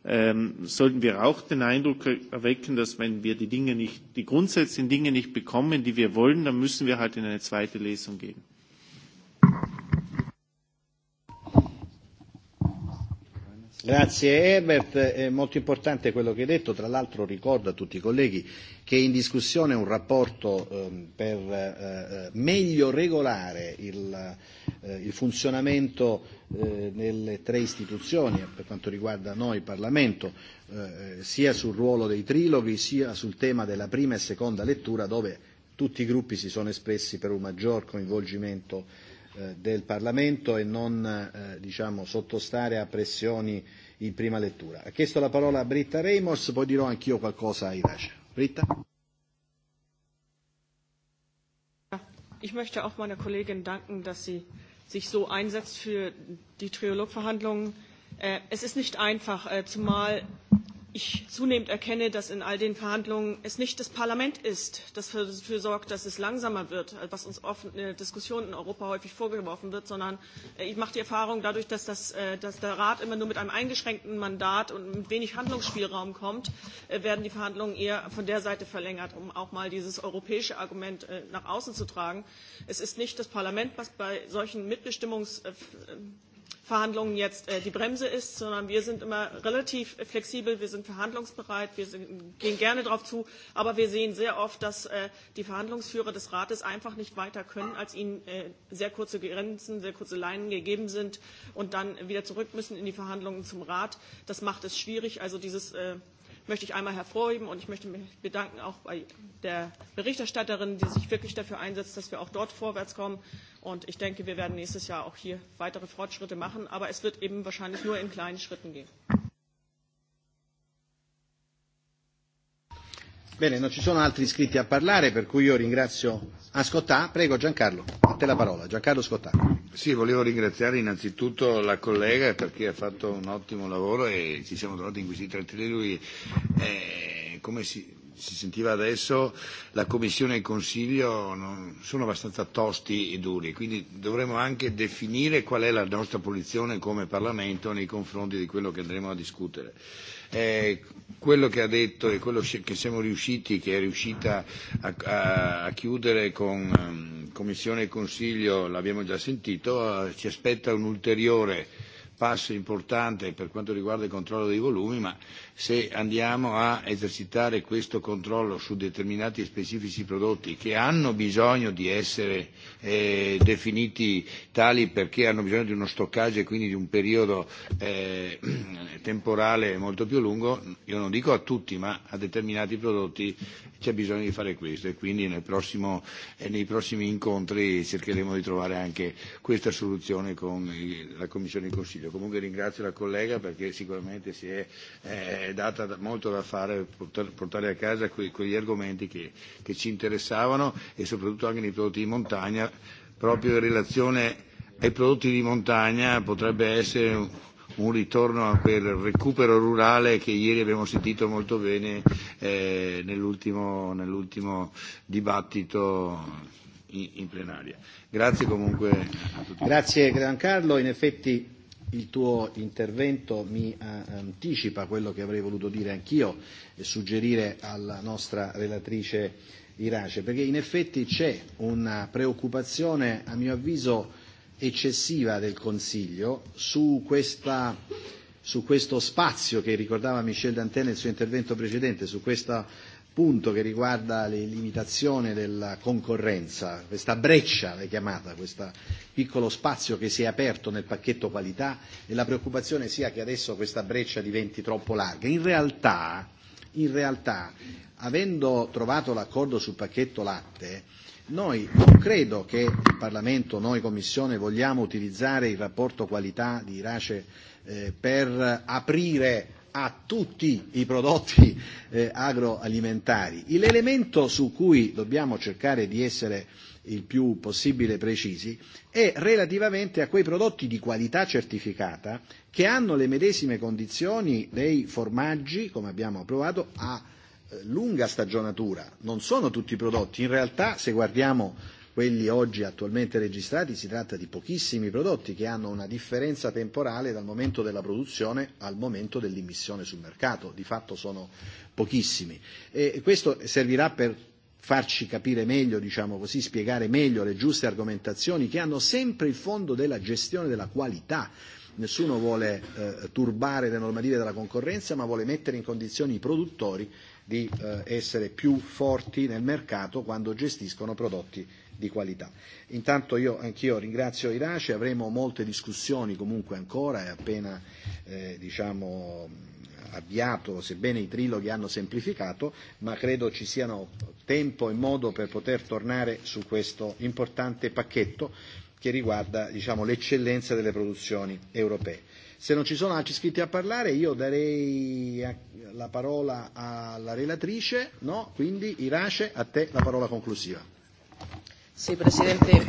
ähm, sollten wir auch den Eindruck er-, erwecken, dass wenn wir die Dinge nicht, die grundsätzlichen Dinge nicht bekommen, die wir wollen, dann müssen wir halt in eine zweite Lesung gehen. Grazie Herbert, è molto importante quello che hai detto, tra l'altro ricordo a tutti i colleghi che è in discussione un rapporto ehm, eh, per eh, meglio regolare il, eh, il funzionamento nelle eh, tre istituzioni, eh, per quanto riguarda noi Parlamento, eh, sia sul ruolo dei triloghi sia sul tema della prima e seconda lettura dove tutti i gruppi si sono espressi per un maggior coinvolgimento Eh, del Parlamento e non eh, diciamo, sottostare a pressioni in prima lettura. Ha chiesto la parola a Britta Reimors, poi dirò anch'io qualcosa a Irace. Britta? Ich möchte auch meiner Kollegin danken, dass sie sich so einsetzt für die Trilogverhandlungen. Äh, es ist nicht einfach, äh, zumal ich zunehmend erkenne, dass in all den Verhandlungen es nicht das Parlament ist, das dafür sorgt, dass es langsamer wird, was uns offen in der Diskussion in Europa häufig vorgeworfen wird, sondern äh, ich mache die Erfahrung dadurch, dass, das, äh, dass der Rat immer nur mit einem eingeschränkten Mandat und mit wenig Handlungsspielraum kommt, äh, werden die Verhandlungen eher von der Seite verlängert, um auch mal dieses europäische Argument nach außen zu tragen. Es ist nicht das Parlament, was bei solchen Mitbestimmungs Verhandlungen jetzt äh, die Bremse ist, sondern wir sind immer relativ flexibel, wir sind verhandlungsbereit, wir sind, gehen gerne darauf zu, aber wir sehen sehr oft, dass äh, die Verhandlungsführer des Rates einfach nicht weiter können, als ihnen äh, sehr kurze Grenzen, sehr kurze Leinen gegeben sind und dann wieder zurück müssen in die Verhandlungen zum Rat. Das macht es schwierig, also dieses äh, möchte ich einmal hervorheben und ich möchte mich bedanken auch bei der Berichterstatterin, die sich wirklich dafür einsetzt, dass wir auch dort vorwärts kommen. Und ich denke, wir werden nächstes Jahr auch hier weitere Fortschritte machen, aber es wird eben wahrscheinlich nur in kleinen Schritten gehen. Bene, non ci sono altri iscritti a parlare, per cui io ringrazio a Scottà. Prego Giancarlo, a te la parola. Giancarlo Scottà. Sì, volevo ringraziare innanzitutto la collega perché ha fatto un ottimo lavoro e ci siamo trovati in questi tre lui. Eh, come si, si sentiva adesso, la Commissione e il Consiglio non, sono abbastanza tosti e duri, quindi dovremo anche definire qual è la nostra posizione come Parlamento nei confronti di quello che andremo a discutere Eh, quello che ha detto e quello che siamo riusciti, che è riuscita a, a, a chiudere con ehm, Commissione e Consiglio, l'abbiamo già sentito, eh, ci aspetta un ulteriore passo importante per quanto riguarda il controllo dei volumi, ma se andiamo a esercitare questo controllo su determinati e specifici prodotti che hanno bisogno di essere eh, definiti tali perché hanno bisogno di uno stoccaggio e quindi di un periodo eh, temporale molto più lungo, io non dico a tutti, ma a determinati prodotti c'è bisogno di fare questo e quindi nel prossimo, eh, nei prossimi incontri cercheremo di trovare anche questa soluzione con la Commissione e il Consiglio. Io comunque ringrazio la collega perché sicuramente si è eh, data molto da fare per portare a casa que- quegli argomenti che, che ci interessavano e soprattutto anche nei prodotti di montagna, proprio in relazione ai prodotti di montagna potrebbe essere un, un ritorno a quel recupero rurale che ieri abbiamo sentito molto bene eh, nell'ultimo, nell'ultimo dibattito in, in plenaria. Grazie comunque a tutti. Grazie Gran Carlo, in effetti il tuo intervento mi eh, anticipa quello che avrei voluto dire anch'io e suggerire alla nostra relatrice Irace, perché in effetti c'è una preoccupazione, a mio avviso, eccessiva del Consiglio su questa su questo spazio che ricordava Michel Dantè nel suo intervento precedente, su questa eh, punto che riguarda le limitazioni della concorrenza, questa breccia l'hai chiamata, questo piccolo spazio che si è aperto nel pacchetto qualità e la preoccupazione sia che adesso questa breccia diventi troppo larga. In realtà, in realtà avendo trovato l'accordo sul pacchetto latte, noi non credo che il Parlamento, noi Commissione, vogliamo utilizzare il rapporto qualità di Irace eh, per aprire a tutti i prodotti eh, agroalimentari. L'elemento su cui dobbiamo cercare di essere il più possibile precisi è relativamente a quei prodotti di qualità certificata che hanno le medesime condizioni dei formaggi, come abbiamo provato, a eh, lunga stagionatura. Non sono tutti i prodotti, in realtà se guardiamo quelli oggi attualmente registrati, si tratta di pochissimi prodotti che hanno una differenza temporale dal momento della produzione al momento dell'immissione sul mercato, di fatto sono pochissimi. E questo servirà per farci capire meglio, diciamo così, spiegare meglio le giuste argomentazioni che hanno sempre il fondo della gestione della qualità. Nessuno vuole eh, turbare le normative della concorrenza, ma vuole mettere in condizioni i produttori di eh, essere più forti nel mercato quando gestiscono prodotti di qualità. Intanto io anch'io ringrazio Irace, avremo molte discussioni comunque ancora, è appena eh, diciamo, avviato, sebbene i triloghi hanno semplificato, ma credo ci siano tempo e modo per poter tornare su questo importante pacchetto che riguarda diciamo, l'eccellenza delle produzioni europee. Se non ci sono altri iscritti a parlare io darei la parola alla relatrice, no? quindi Irace a te la parola conclusiva. Sí, presidente.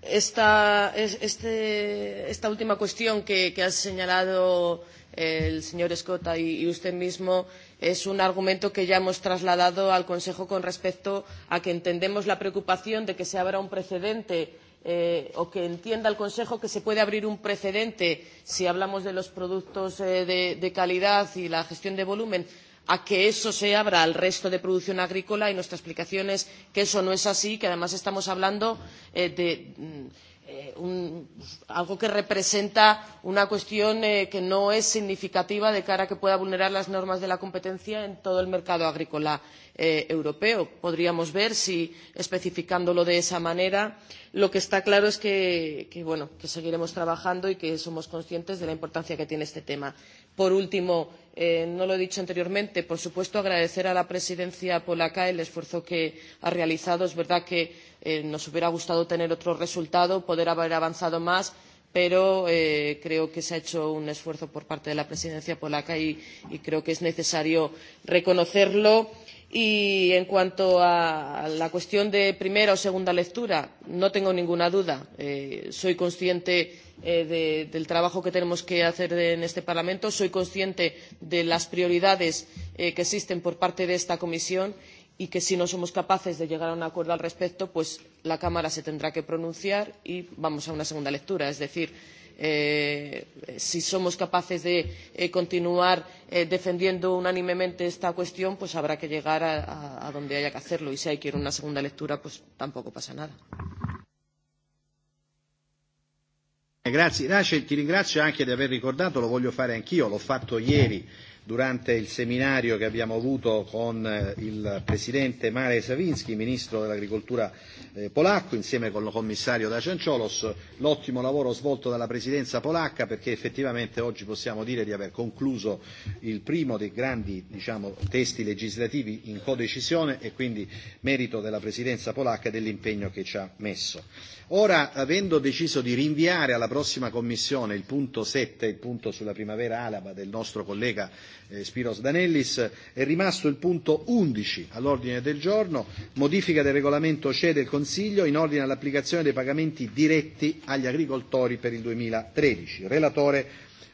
Esta, este, esta última cuestión que, que ha señalado eh, el señor Escota y, y usted mismo es un argumento que ya hemos trasladado al Consejo con respecto a que entendemos la preocupación de que se abra un precedente eh, o que entienda el Consejo que se puede abrir un precedente si hablamos de los productos eh, de, de calidad y la gestión de volumen a que eso se abra al resto de producción agrícola y nuestra explicación es que eso no es así, que además estamos hablando eh, de mm, eh, un, algo que representa una cuestión eh, que no es significativa de cara a que pueda vulnerar las normas de la competencia en todo el mercado agrícola eh, europeo. Podríamos ver si especificándolo de esa manera eh, lo que está claro es que, seguiremos trabajando y que somos conscientes de la importancia que tiene este tema. por último eh, no lo he dicho anteriormente por supuesto agradecer a la presidencia polaca el esfuerzo que ha realizado. es verdad que eh, nos hubiera gustado tener otro resultado poder haber avanzado más pero eh, creo que se ha hecho un esfuerzo por parte de la presidencia polaca y, creo que es necesario reconocerlo y Y en cuanto a la cuestión de primera o segunda lectura, no tengo ninguna duda. Eh, soy consciente eh, de, del trabajo que tenemos que hacer en este Parlamento, soy consciente de las prioridades eh, que existen por parte de esta Comisión y que si no somos capaces de llegar a un acuerdo al respecto, pues la Cámara se tendrá que pronunciar y vamos a una segunda lectura. Es decir, Eh, si somos capaces de eh, continuar eh, defendiendo unánimemente esta cuestión, pues habrá que llegar a, a, a donde haya que hacerlo. Y si hay que ir a una segunda lectura, pues tampoco pasa nada. Grazie, Dace, ti ringrazio anche di aver ricordato, lo voglio fare anch'io, l'ho fatto ieri durante il seminario che abbiamo avuto con eh, il presidente Marek Savinski, ministro dell'agricoltura eh, polacco, insieme con il commissario Dacian Ciolos, l'ottimo lavoro svolto dalla presidenza polacca perché effettivamente oggi possiamo dire di aver concluso il primo dei grandi diciamo, testi legislativi in codecisione e quindi merito della presidenza polacca e dell'impegno che ci ha messo. Ora, avendo deciso di rinviare alla prossima commissione il punto 7, il punto sulla primavera alaba del nostro collega Eh, Spinoza Spiros Danellis, è rimasto il punto 11 all'ordine del giorno, modifica del regolamento CE del Consiglio in ordine all'applicazione dei pagamenti diretti agli agricoltori per il 2013. Relatore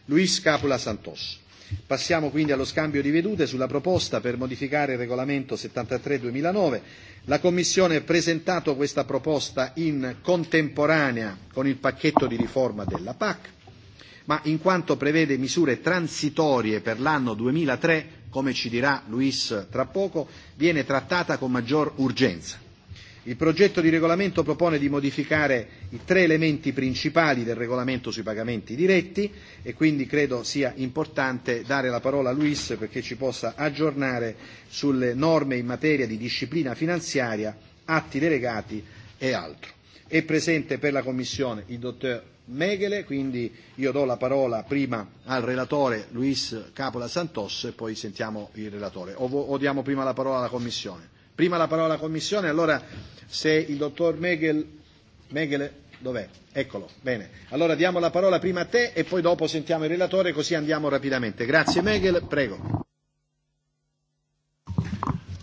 Luis Capula Santos. Passiamo quindi allo scambio di vedute sulla proposta per modificare il regolamento 73-2009. La Commissione ha presentato questa proposta in contemporanea con il pacchetto di riforma della PAC ma in quanto prevede misure transitorie per l'anno 2003, come ci dirà Luis tra poco, viene trattata con maggior urgenza. Il progetto di regolamento propone di modificare i tre elementi principali del regolamento sui pagamenti diretti e quindi credo sia importante dare la parola a Luis perché ci possa aggiornare sulle norme in materia di disciplina finanziaria, atti delegati e altro. È presente per la Commissione il dottor Megele, quindi io do la parola prima al relatore Luis Capola Santos e poi sentiamo il relatore. O, o diamo prima la parola alla Commissione? Prima la parola alla Commissione, allora se il dottor Megel, Megele Dov'è? Eccolo, bene. Allora diamo la parola prima a te e poi dopo sentiamo il relatore così andiamo rapidamente. Grazie Megel, prego.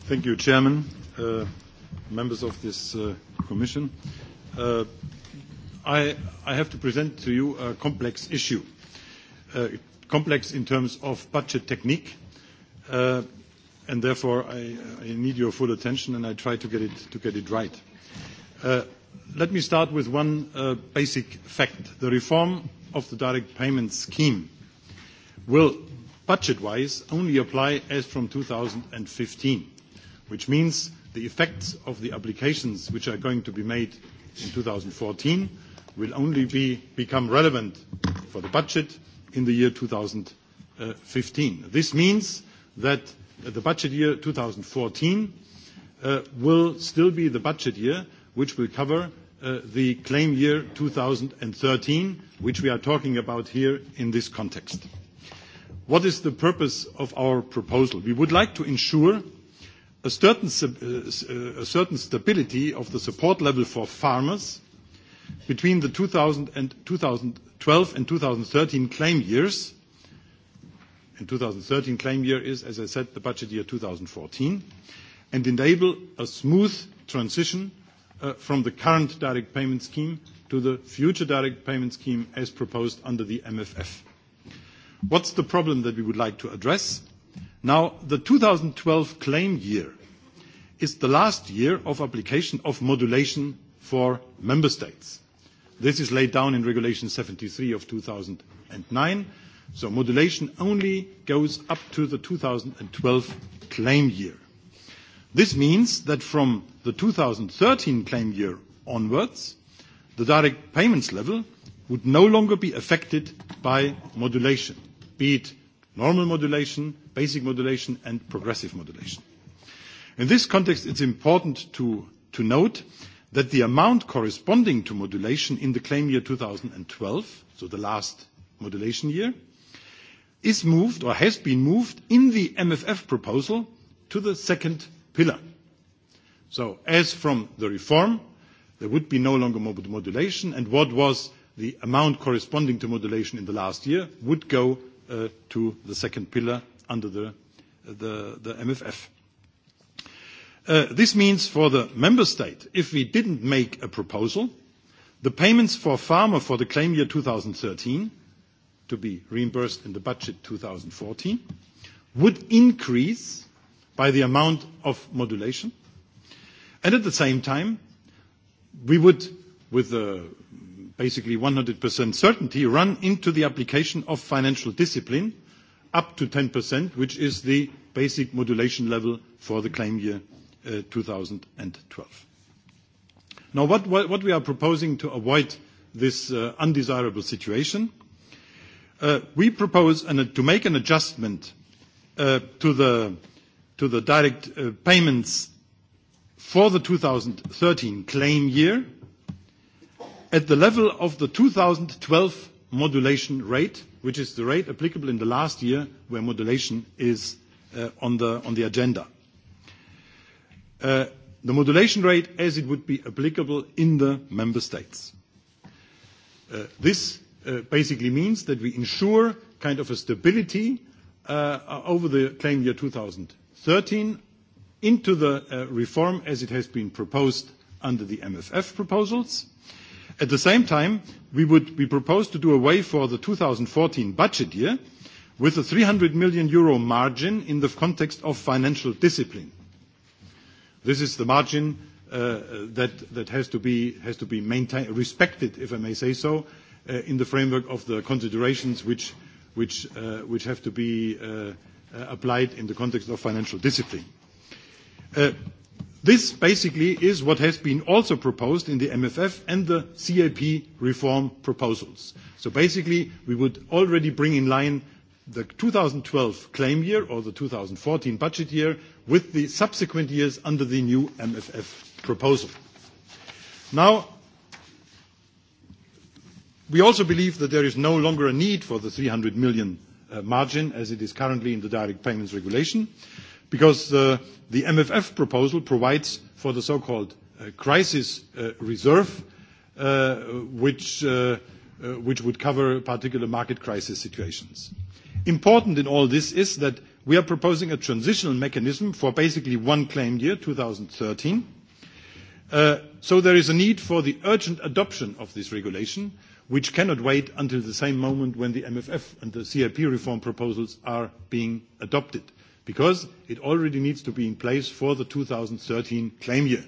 Thank you, Chairman, uh, members of this uh, Commission. Uh, I, I have to present to you a complex issue, uh, complex in terms of budget technique, uh, and therefore I, I need your full attention, and I try to get it, to get it right. Uh, let me start with one uh, basic fact. The reform of the direct payment scheme will, budget-wise, only apply as from 2015, which means the effects of the applications which are going to be made in 2014 will only be, become relevant for the budget in the year 2015. This means that the budget year 2014 uh, will still be the budget year which will cover uh, the claim year 2013, which we are talking about here in this context. What is the purpose of our proposal? We would like to ensure a certain uh, stability of the support level for farmers between the 2000 and 2012 and 2013 claim years, and 2013 claim year is, as I said, the budget year 2014, and enable a smooth transition uh, from the current direct payment scheme to the future direct payment scheme as proposed under the MFF. What's the problem that we would like to address? Now, the 2012 claim year is the last year of application of modulation for member states. This is laid down in Regulation 73 of 2009, so modulation only goes up to the 2012 claim year. This means that from the 2013 claim year onwards, the direct payments level would no longer be affected by modulation, be it normal modulation, basic modulation, and progressive modulation. In this context, it's important to, note that the amount corresponding to modulation in the claim year 2012, so the last modulation year, is moved or has been moved in the MFF proposal to the second pillar. So as from the reform, there would be no longer modulation, and what was the amount corresponding to modulation in the last year would go uh, to the second pillar under the, uh, the, the MFF. Uh, this means for the member state, if we didn't make a proposal, the payments for farmer for the claim year 2013, to be reimbursed in the budget 2014, would increase by the amount of modulation. And at the same time, we would, with a basically 100% certainty, run into the application of financial discipline up to 10%, which is the basic modulation level for the claim year 2012. Uh, Now, what, we are proposing to avoid this uh, undesirable situation, uh, we propose to make an adjustment to the, direct payments for the 2013 claim year at the level of the 2012 modulation rate, which is the rate applicable in the last year where modulation is on the agenda. Uh, the modulation rate as it would be applicable in the member states. Uh, this uh, basically means that we ensure kind of a stability over the claim year 2013 into the reform as it has been proposed under the MFF proposals. At the same time, we propose to do away for the 2014 budget year with a 300 million euro margin in the context of financial discipline. This is the margin uh, that, has to be, maintained, respected, if I may say so, uh, in the framework of the considerations which, uh, have to be applied in the context of financial discipline. This basically is what has been also proposed in the MFF and the CAP reform proposals. So basically, we would already bring in line the 2012 claim year or the 2014 budget year with the subsequent years under the new MFF proposal. Now, we also believe that there is no longer a need for the 300 million uh, margin as it is currently in the direct payments regulation because uh, the MFF proposal provides for the so-called uh, crisis reserve which would cover particular market crisis situations. Important in all this is that we are proposing a transitional mechanism for basically one claim year, 2013. Uh, so there is a need for the urgent adoption of this regulation, which cannot wait until the same moment when the MFF and the CIP reform proposals are being adopted, because it already needs to be in place for the 2013 claim year.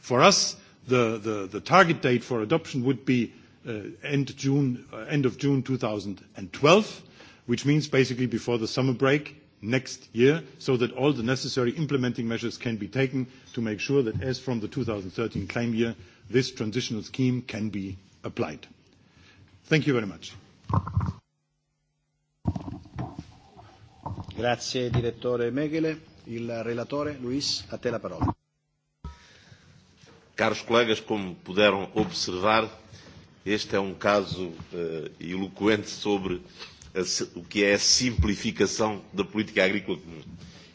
For us, the, target date for adoption would be uh, end, June, uh, end of June 2012, which means basically before the summer break next year, so that all the necessary implementing measures can be taken to make sure that as from the 2013 claim year, this transitional scheme can be applied. Thank you very much. Grazie direttore Meghele. Il relatore Luis, a te la parola. Caros colegas, como puderam observar, este é um caso eh, eloquente sobre o que é a simplificação da política agrícola comum.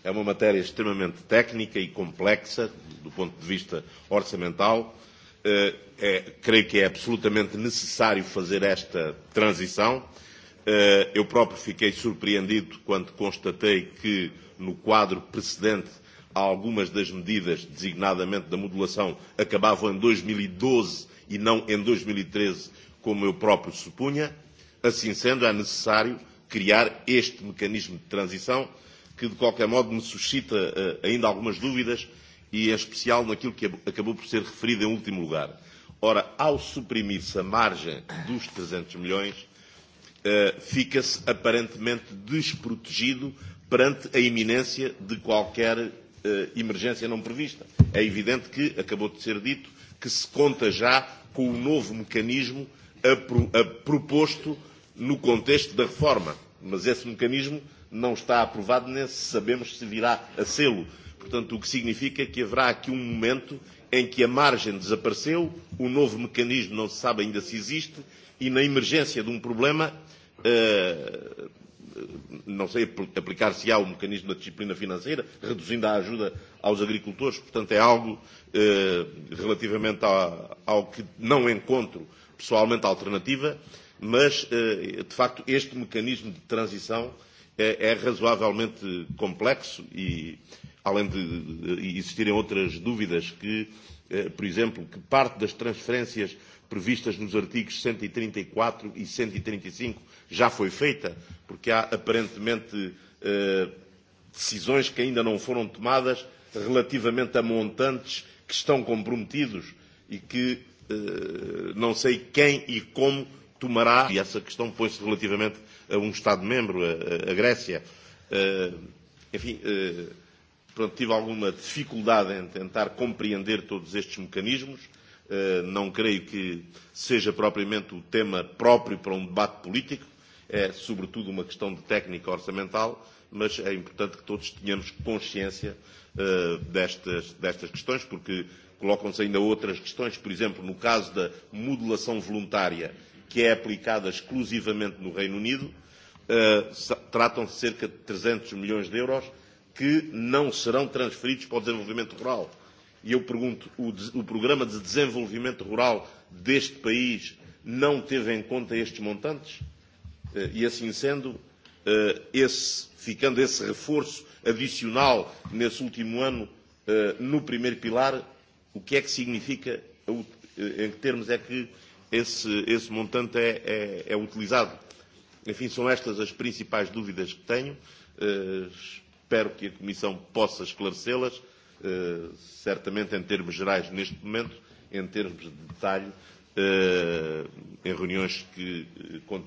É uma matéria extremamente técnica e complexa do ponto de vista orçamental. É, eh, é, creio que é absolutamente necessário fazer esta transição. É, eh, eu próprio fiquei surpreendido quando constatei que, no quadro precedente, algumas das medidas, designadamente da modulação, acabavam em 2012 e, e não em 2013, e como eu próprio supunha. Assim sendo, é necessário criar este mecanismo de transição que, de qualquer modo, me suscita uh, ainda algumas dúvidas e, em especial, naquilo que acabou por ser referido em último lugar. Ora, ao suprimir-se a margem dos 300 milhões, uh, fica-se aparentemente desprotegido perante a iminência de qualquer uh, emergência não prevista. É evidente que, acabou de ser dito, que se conta já com o novo mecanismo a pro, a proposto no contexto da reforma. Mas esse mecanismo não está aprovado, nem sabemos se virá a sê-lo. Portanto, o que significa que haverá aqui um momento em que a margem desapareceu, o novo mecanismo não se sabe ainda se existe, e na emergência de um problema, eh, não sei, aplicar-se á o um mecanismo da disciplina financeira, reduzindo a ajuda aos agricultores. Portanto, é algo eh, relativamente ao, que não encontro pessoalmente alternativa mas, eh, de facto, este mecanismo de transição é é razoavelmente complexo e, além de existirem outras dúvidas que, eh, por exemplo, que parte das transferências previstas nos artigos 134 e 135 e e e já foi feita, porque há aparentemente eh, decisões que ainda não foram tomadas relativamente a montantes que estão comprometidos e que não sei quem e como tomará, e essa questão põe-se relativamente a um Estado-membro, a, a Grécia. Uh, enfim, uh, pronto, tive alguma dificuldade em tentar compreender todos estes mecanismos. Uh, não creio que seja propriamente o tema próprio para um debate político, é sobretudo uma questão de técnica orçamental, mas é importante que todos tenhamos consciência uh, destas, destas questões, porque colocam-se ainda outras questões, por exemplo, no caso da modulação voluntária que é aplicada exclusivamente no Reino Unido, uh, tratam-se de cerca de 300 milhões de euros que não serão transferidos para o desenvolvimento rural. E eu pergunto, o, o programa de desenvolvimento rural deste país não teve em conta estes montantes? Uh, E assim sendo, uh, esse, ficando esse reforço adicional nesse último ano uh, no primeiro pilar, o que é que significa, uh, em que termos é que esse, esse montante é, é, é utilizado. Enfim, são estas as principais dúvidas que tenho. Uh, espero que a Comissão possa esclarecê-las, uh, certamente em termos gerais neste momento, em termos de detalhe, uh, em reuniões que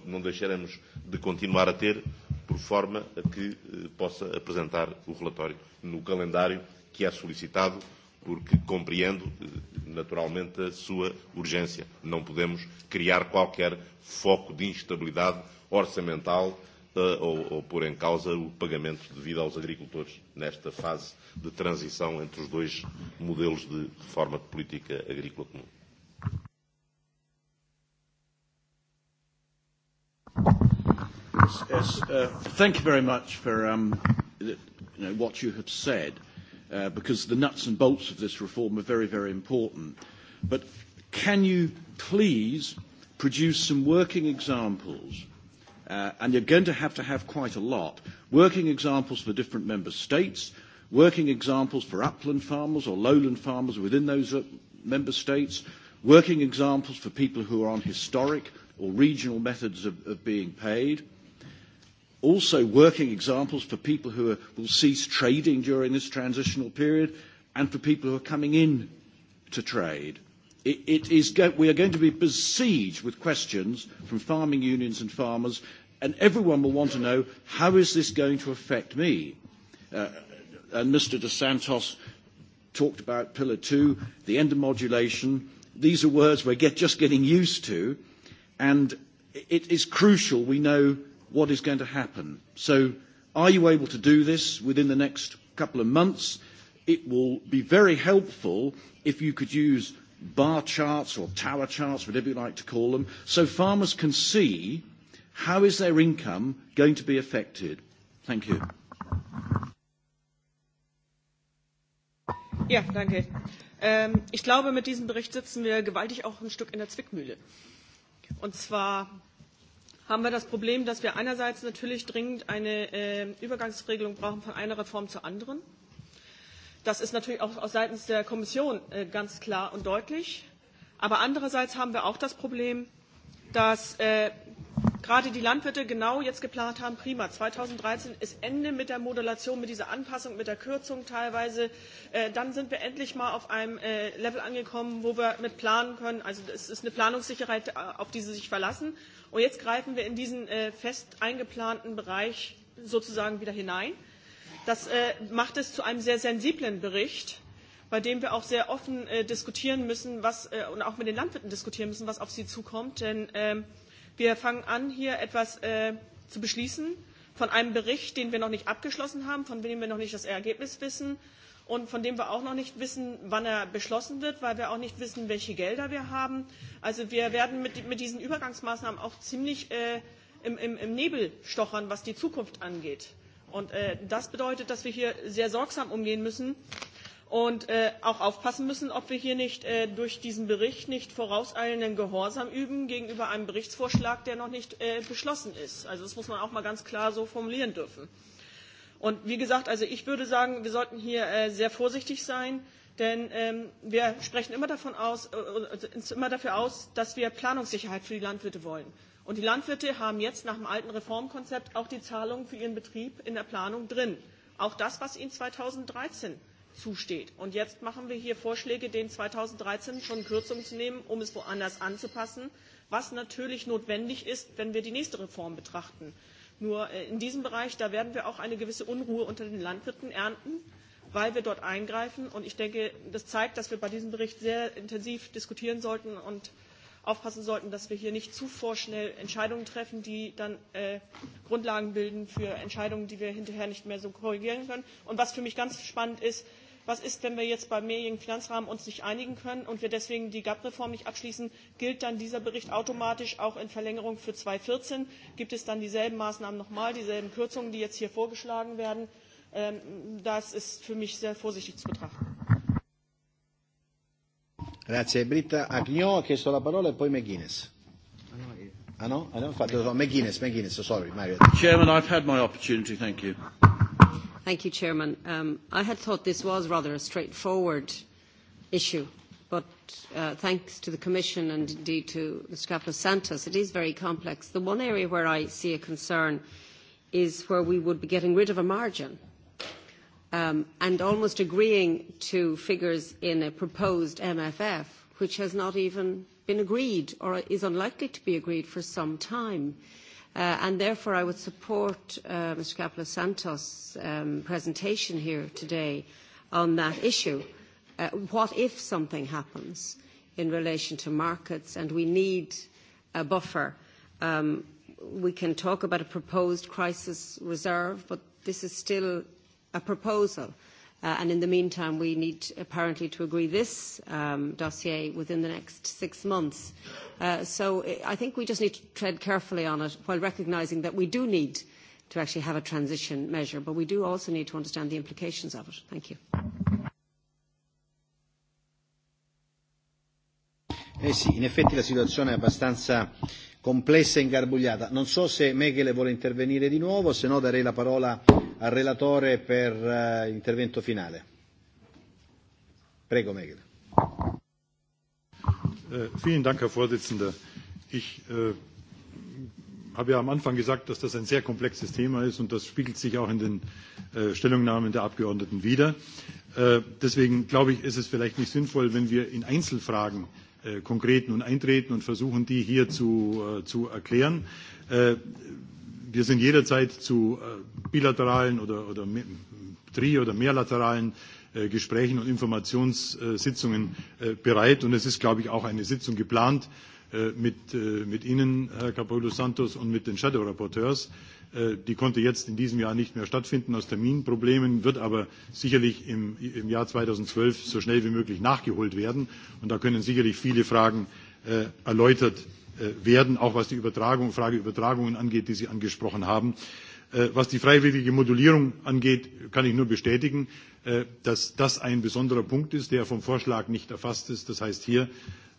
não deixaremos de continuar a ter, por forma a que uh, possa apresentar o relatório no calendário que é solicitado porque compreendo eh, naturalmente a sua urgência. Não podemos criar qualquer foco de instabilidade orçamental uh, ou, ou pôr em causa o pagamento devido aos agricultores nesta fase de transição entre os dois modelos de reforma de política agrícola comum. Yes, uh, thank you very much for um, the, you know, what you have said. Uh, because the nuts and bolts of this reform are very, very important. But can you please produce some working examples? Uh, and you're going to have to have quite a lot. Working examples for different member states, working examples for upland farmers or lowland farmers within those uh, member states, working examples for people who are on historic or regional methods of, of being paid. Uh, also working examples for people who are, will cease trading during this transitional period and for people who are coming in to trade. It, it is go- we are going to be besieged with questions from farming unions and farmers, and everyone will want to know how is this going to affect me? Uh, and Mr. De Santos talked about Pillar Two, the modulation. These are words we're get, just getting used to, and it is crucial we know what is going to happen. So are you able to do this within the next couple of months? It will be very helpful if you could use bar charts or tower charts, whatever you like to call them, so farmers can see how is their income going to be affected. Thank you. Ja, danke. Ähm, ich glaube, mit diesem Bericht sitzen wir gewaltig auch ein Stück in der Zwickmühle. Und zwar haben wir das Problem, dass wir einerseits natürlich dringend eine äh, Übergangsregelung brauchen von einer Reform zur anderen. Das ist natürlich auch seitens der Kommission äh, ganz klar und deutlich. Aber andererseits haben wir auch das Problem, dass äh, gerade die Landwirte genau jetzt geplant haben, prima, 2013 ist Ende mit der Modulation, mit dieser Anpassung, mit der Kürzung teilweise. Äh, dann sind wir endlich mal auf einem äh, Level angekommen, wo wir mit planen können. Also es ist eine Planungssicherheit, äh, auf die sie sich verlassen. Und jetzt greifen wir in diesen äh, fest eingeplanten Bereich sozusagen wieder hinein. Das äh, macht es zu einem sehr sensiblen Bericht, bei dem wir auch sehr offen äh, diskutieren müssen was, äh, und auch mit den Landwirten diskutieren müssen, was auf sie zukommt. Denn äh, wir fangen an, hier etwas äh, zu beschließen von einem Bericht, den wir noch nicht abgeschlossen haben, von dem wir noch nicht das Ergebnis wissen, und von dem wir auch noch nicht wissen, wann er beschlossen wird, weil wir auch nicht wissen, welche Gelder wir haben. Also wir werden mit, mit diesen Übergangsmaßnahmen auch ziemlich äh, im, im, im Nebel stochern, was die Zukunft angeht. Und äh, das bedeutet, dass wir hier sehr sorgsam umgehen müssen und äh, auch aufpassen müssen, ob wir hier nicht äh, durch diesen Bericht nicht vorauseilenden Gehorsam üben gegenüber einem Berichtsvorschlag, der noch nicht äh, beschlossen ist. Also das muss man auch mal ganz klar so formulieren dürfen. Und wie gesagt, also ich würde sagen, wir sollten hier äh, sehr vorsichtig sein, denn ähm, wir sprechen immer davon aus, äh, uns immer dafür aus, dass wir Planungssicherheit für die Landwirte wollen. Und die Landwirte haben jetzt nach dem alten Reformkonzept auch die Zahlungen für ihren Betrieb in der Planung drin. Auch das, was ihnen 2013 zusteht. Und jetzt machen wir hier Vorschläge, den 2013 schon Kürzungen zu nehmen, um es woanders anzupassen, was natürlich notwendig ist, wenn wir die nächste Reform betrachten. Nur äh, in diesem Bereich, da werden wir auch eine gewisse Unruhe unter den Landwirten ernten, weil wir dort eingreifen. Und ich denke, das zeigt, dass wir bei diesem Bericht sehr intensiv diskutieren sollten und aufpassen sollten, dass wir hier nicht zu vorschnell Entscheidungen treffen, die dann äh, Grundlagen bilden für Entscheidungen, die wir hinterher nicht mehr so korrigieren können. Und was für mich ganz spannend ist, was ist, wenn wir jetzt beim mehrjährigen Finanzrahmen uns nicht einigen können und wir deswegen die GAP-Reform nicht abschließen, gilt dann dieser Bericht automatisch auch in Verlängerung für 2014? Gibt es dann dieselben Maßnahmen nochmal, dieselben Kürzungen, die jetzt hier vorgeschlagen werden? Ähm, das ist für mich sehr vorsichtig zu betrachten. Grazie. Britta Agnon ha chiesto la parola e poi McGuinness. Ah no? Eh. Ah, ah no? Infatti, McGuinness, McGuinness, sorry, Margaret. Chairman, I've had my opportunity, thank you. Thank you, Chairman. Um, I had thought this was rather a straightforward issue, but uh, thanks to the Commission and indeed to Mr. Capoulas Santos, it is very complex. The one area where I see a concern is where we would be getting rid of a margin um, and almost agreeing to figures in a proposed MFF, which has not even been agreed or is unlikely to be agreed for some time. Uh, and therefore, I would support uh, Mr. Capoulas Santos' um, presentation here today on that issue. Uh, what if something happens in relation to markets and we need a buffer? Um, we can talk about a proposed crisis reserve, but this is still a proposal. Uh, and in the meantime, we need apparently to agree this um, dossier within the next six months. Uh, so I think we just need to tread carefully on it while recognising that we do need to actually have a transition measure, but we do also need to understand the implications of it. Thank you. Eh sì, in effetti la situazione è abbastanza complessa e ingarbugliata. Non so se Mechele vuole intervenire di nuovo, se no darei la parola al relatore per uh, intervento finale. Prego Mechele. Uh, vielen Dank, Herr Vorsitzender. Ich uh, habe ja am Anfang gesagt, dass das ein sehr komplexes Thema ist und das spiegelt sich auch in den äh, Stellungnahmen der Abgeordneten wider. Äh, deswegen glaube ich, ist es vielleicht nicht sinnvoll, wenn wir in Einzelfragen äh, äh, konkret nun eintreten und versuchen, die hier zu, äh, zu erklären. Äh, wir sind jederzeit zu äh, bilateralen oder, oder tri- oder mehrlateralen Gesprächen und Informationssitzungen bereit. Und es ist, glaube ich, auch eine Sitzung geplant, Äh, mit, äh, mit Ihnen, Herr Capoulos Santos, und mit den Shadow Rapporteurs. Äh, die konnte jetzt in diesem Jahr nicht mehr stattfinden aus Terminproblemen, wird aber sicherlich im, im Jahr 2012 so schnell wie möglich nachgeholt werden. Und da können sicherlich viele Fragen äh, erläutert äh, werden, auch was die Übertragung, Frage Übertragungen angeht, die Sie angesprochen haben. Äh, was die freiwillige Modulierung angeht, kann ich nur bestätigen, äh, dass das ein besonderer Punkt ist, der vom Vorschlag nicht erfasst ist. Das heißt, hier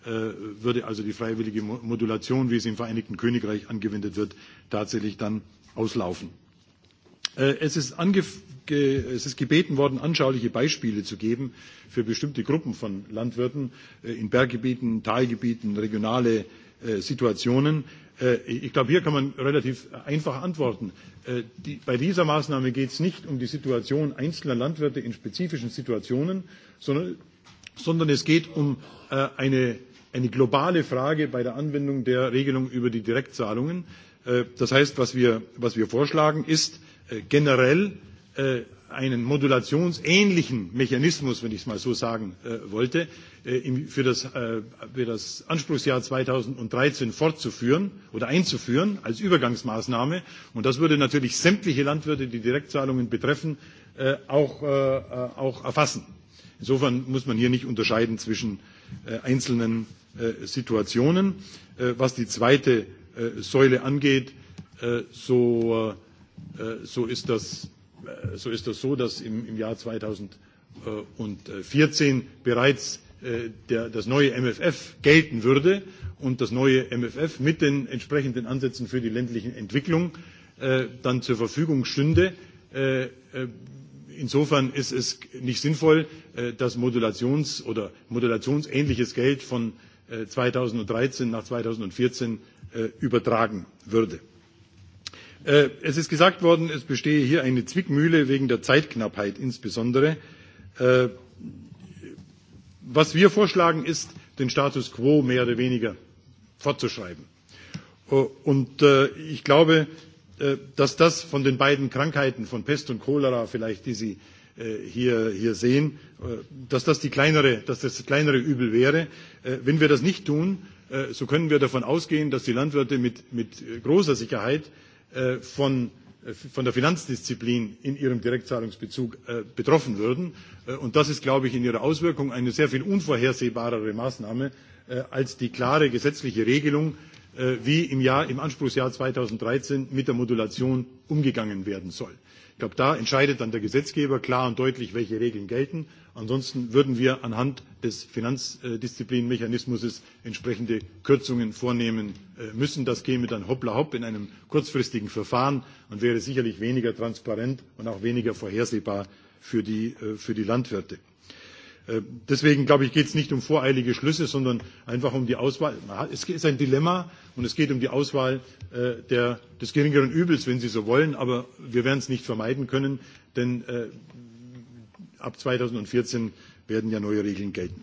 Äh, würde also die freiwillige Modulation, wie sie im Vereinigten Königreich angewendet wird, tatsächlich dann auslaufen. Äh, es ist, ange, es ist gebeten worden, anschauliche Beispiele zu geben für bestimmte Gruppen von Landwirten äh, in Berggebieten, Talgebieten, regionale Situationen. Ich glaube, hier kann man relativ einfach antworten. Die, bei dieser Maßnahme geht es nicht um die Situation einzelner Landwirte in spezifischen Situationen, sondern, sondern es geht um eine eine globale Frage bei der Anwendung der Regelung über die Direktzahlungen. Äh, das heißt, was wir, was wir vorschlagen, ist äh, generell äh, einen modulationsähnlichen Mechanismus, wenn ich es mal so sagen wollte, für, das, für das Anspruchsjahr 2013 fortzuführen oder einzuführen als Übergangsmaßnahme. Und das würde natürlich sämtliche Landwirte, die Direktzahlungen betreffen, auch, auch erfassen. Insofern muss man hier nicht unterscheiden zwischen äh, Äh, einzelnen äh, Situationen. Äh, was die zweite Säule angeht, so, so, ist, das, so ist das so, dass im, im Jahr 2014 bereits der, das neue MFF gelten würde und das neue MFF mit den entsprechenden Ansätzen für die ländliche Entwicklung dann zur Verfügung stünde, insofern ist es nicht sinnvoll, äh, das Modulations- oder modulationsähnliches Geld von 2013 äh, nach 2014 äh, übertragen würde. Es ist gesagt worden, es bestehe hier eine Zwickmühle wegen der Zeitknappheit insbesondere. Was wir vorschlagen, ist, den Status quo mehr oder weniger fortzuschreiben. Und ich glaube, Äh, dass das von den beiden Krankheiten von Pest und Cholera vielleicht, die Sie äh, hier, hier sehen, äh, dass das, die kleinere, dass das das kleinere Übel wäre. Wenn wir das nicht tun, so können wir davon ausgehen, dass die Landwirte mit, mit großer Sicherheit von, von der Finanzdisziplin in ihrem Direktzahlungsbezug betroffen würden. Und das ist, glaube ich, in ihrer Auswirkung eine sehr viel unvorhersehbarere Maßnahme als die klare gesetzliche Regelung, Äh, wie im, Jahr, im Anspruchsjahr 2013 mit der Modulation umgegangen werden soll. Ich glaube, da entscheidet dann der Gesetzgeber klar und deutlich, welche Regeln gelten. Ansonsten würden wir anhand des Finanzdisziplinmechanismus entsprechende Kürzungen vornehmen äh, müssen. Das käme dann hoppla hopp in einem kurzfristigen Verfahren und wäre sicherlich weniger transparent und auch weniger vorhersehbar für die, äh, für die Landwirte. Äh, deswegen, glaube ich, geht es nicht um voreilige Schlüsse, sondern einfach um die Auswahl. Es ist ein Dilemma und es geht um die Auswahl äh, der, des geringeren Übels, wenn Sie so wollen. Aber wir werden es nicht vermeiden können, denn äh, ab 2014 werden ja neue Regeln gelten.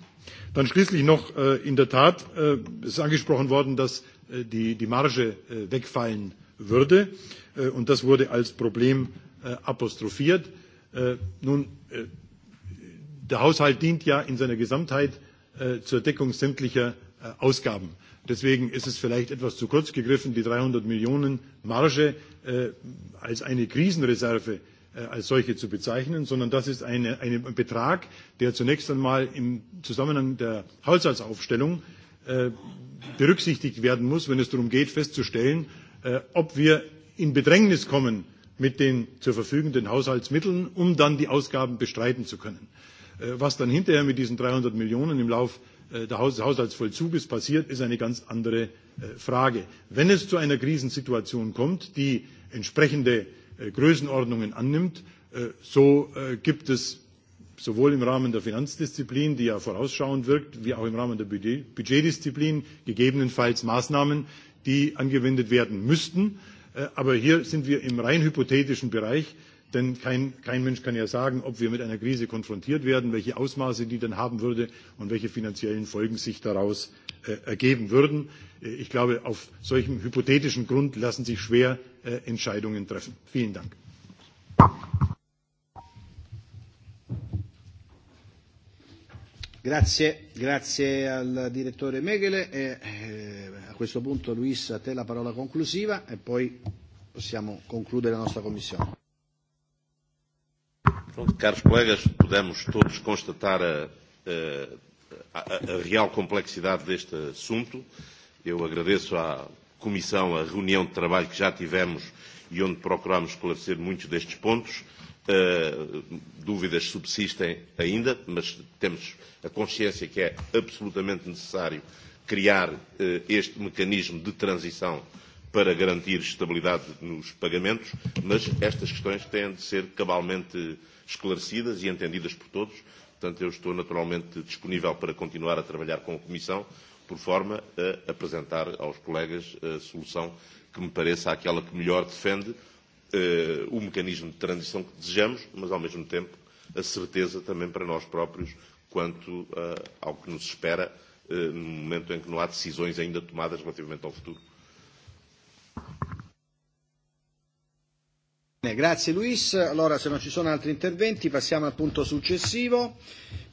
Dann schließlich noch äh, in der Tat, äh, es ist angesprochen worden, dass äh, die, die Marge äh, wegfallen würde. Äh, und das wurde als Problem äh, apostrophiert. Äh, nun, äh, der Haushalt dient ja in seiner Gesamtheit äh, zur Deckung sämtlicher äh, Ausgaben. Deswegen ist es vielleicht etwas zu kurz gegriffen, die 300 Millionen Marge äh, als eine Krisenreserve äh, als solche zu bezeichnen, sondern das ist eine, ein Betrag, der zunächst einmal im Zusammenhang der Haushaltsaufstellung äh, berücksichtigt werden muss, wenn es darum geht, festzustellen, äh, ob wir in Bedrängnis kommen mit den zur verfügenden Haushaltsmitteln, um dann die Ausgaben bestreiten zu können. Äh, was dann hinterher mit diesen 300 Millionen im Lauf äh, des Haushaltsvollzuges passiert, ist eine ganz andere äh, Frage. Wenn es zu einer Krisensituation kommt, die entsprechende Größenordnungen annimmt, so gibt es sowohl im Rahmen der Finanzdisziplin, die ja vorausschauend wirkt, wie auch im Rahmen der Budgetdisziplin gegebenenfalls Maßnahmen, die angewendet werden müssten. Aber hier sind wir im rein hypothetischen Bereich. Denn kein, kein Mensch kann ja sagen, ob wir mit einer Krise konfrontiert werden, welche Ausmaße die dann haben würde und welche finanziellen Folgen sich daraus äh, ergeben würden. Äh, ich glaube, auf solchem hypothetischen Grund lassen sich schwer äh, Entscheidungen treffen. Vielen Dank. Grazie, grazie al direttore Megele. E, eh, a questo punto Luis, a te la parola conclusiva e poi possiamo concludere la nostra commissione. Pronto, caros colegas, podemos todos constatar a, a, a real complexidade deste assunto. Eu agradeço à Comissão a reunião de trabalho que já tivemos e onde procuramos esclarecer muitos destes pontos. Uh, dúvidas subsistem ainda, mas temos a consciência que é absolutamente necessário criar uh, este mecanismo de transição para garantir estabilidade nos pagamentos, mas estas questões têm de ser cabalmente esclarecidas e entendidas por todos. Portanto, eu estou naturalmente disponível para continuar a trabalhar com a Comissão, por forma a apresentar aos colegas a solução que me pareça aquela que melhor defende eh, o mecanismo de transição que desejamos, mas ao mesmo tempo a certeza também para nós próprios quanto uh, ao que nos espera uh, no momento em que não há decisões ainda tomadas relativamente ao futuro Grazie Luis. Allora se non ci sono altri interventi passiamo al punto successivo.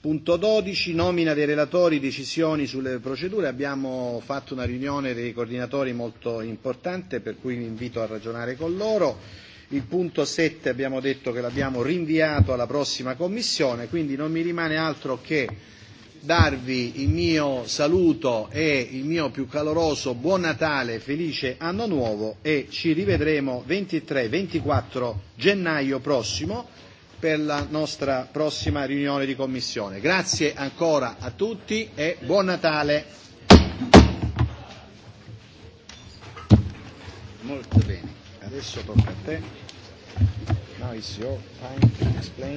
Punto 12, nomina dei relatori, decisioni sulle procedure. Abbiamo fatto una riunione dei coordinatori molto importante per cui vi invito a ragionare con loro. Il punto 7 abbiamo detto che l'abbiamo rinviato alla prossima commissione, quindi non mi rimane altro che darvi il mio saluto e il mio più caloroso buon Natale, felice anno nuovo e ci rivedremo 23-24 gennaio prossimo per la nostra prossima riunione di commissione. Grazie ancora a tutti e buon Natale. Molto bene, adesso tocca a te. Now is your time to explain.